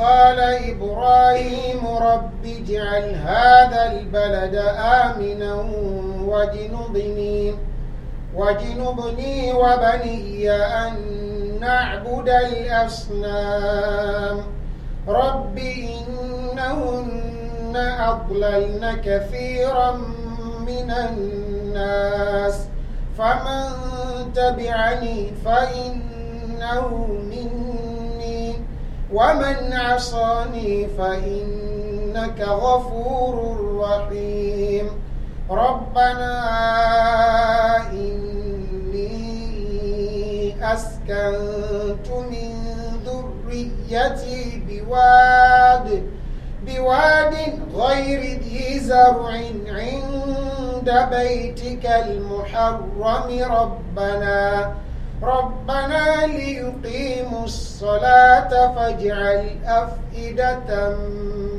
قال إبراهيم رب اجعل هذا البلد آمنا واجنبني واجنبني وبني أن نعبد الأصنام رب إنهن أضللن كثيرا من الناس فمن تبعني فإنه مني ومن عصاني فإنك غفور رحيم ربنا إني أسكنت من ذريتي بواد بواد غير ذي زرع عند بيتك المحرم ربنا ربنا ليقيموا الصلاة فاجعل أفئدة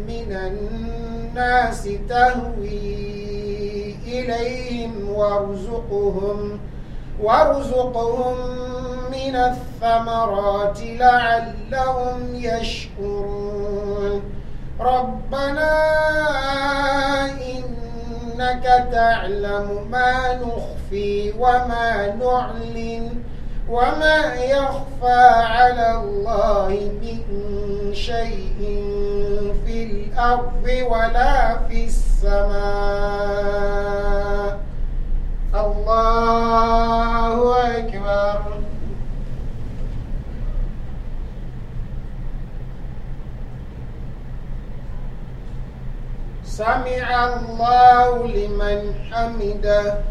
من الناس تهوي إليهم وارزقهم وارزقهم من الثمرات لعلهم يشكرون ربنا إنك تعلم ما نخفي وما نعلن وما يخفى على الله من شيء في الأرض ولا في السماء الله أكبر سمع الله لمن حمده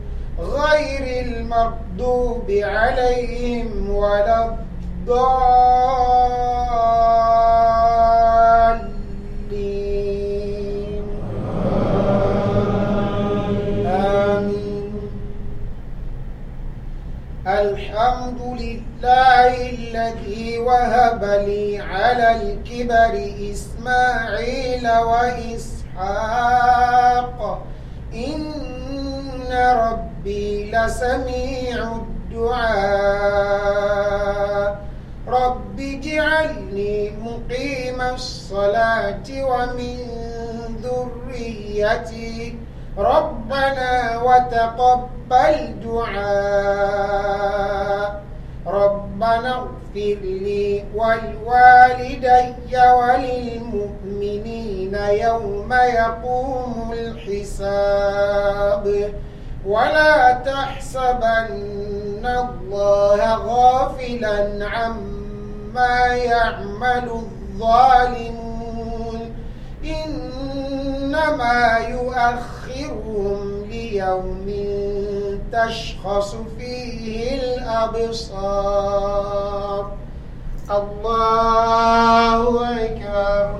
غير المغضوب عليهم ولا الضالين آمين الحمد لله الذي وهب لي على الكبر إسماعيل وإسحاق إن رب ربي لسميع الدعاء رب اجعلني مقيم الصلاة ومن ذريتي ربنا وتقبل دعاء ربنا اغفر لي ولوالدي وللمؤمنين يوم يقوم الحساب ولا تحسبن الله غافلا عما يعمل الظالمون إنما يؤخرهم ليوم تشخص فيه الأبصار الله أكبر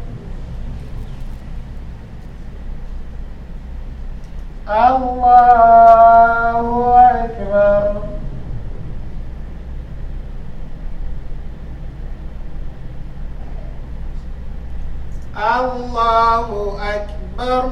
الله أكبر الله أكبر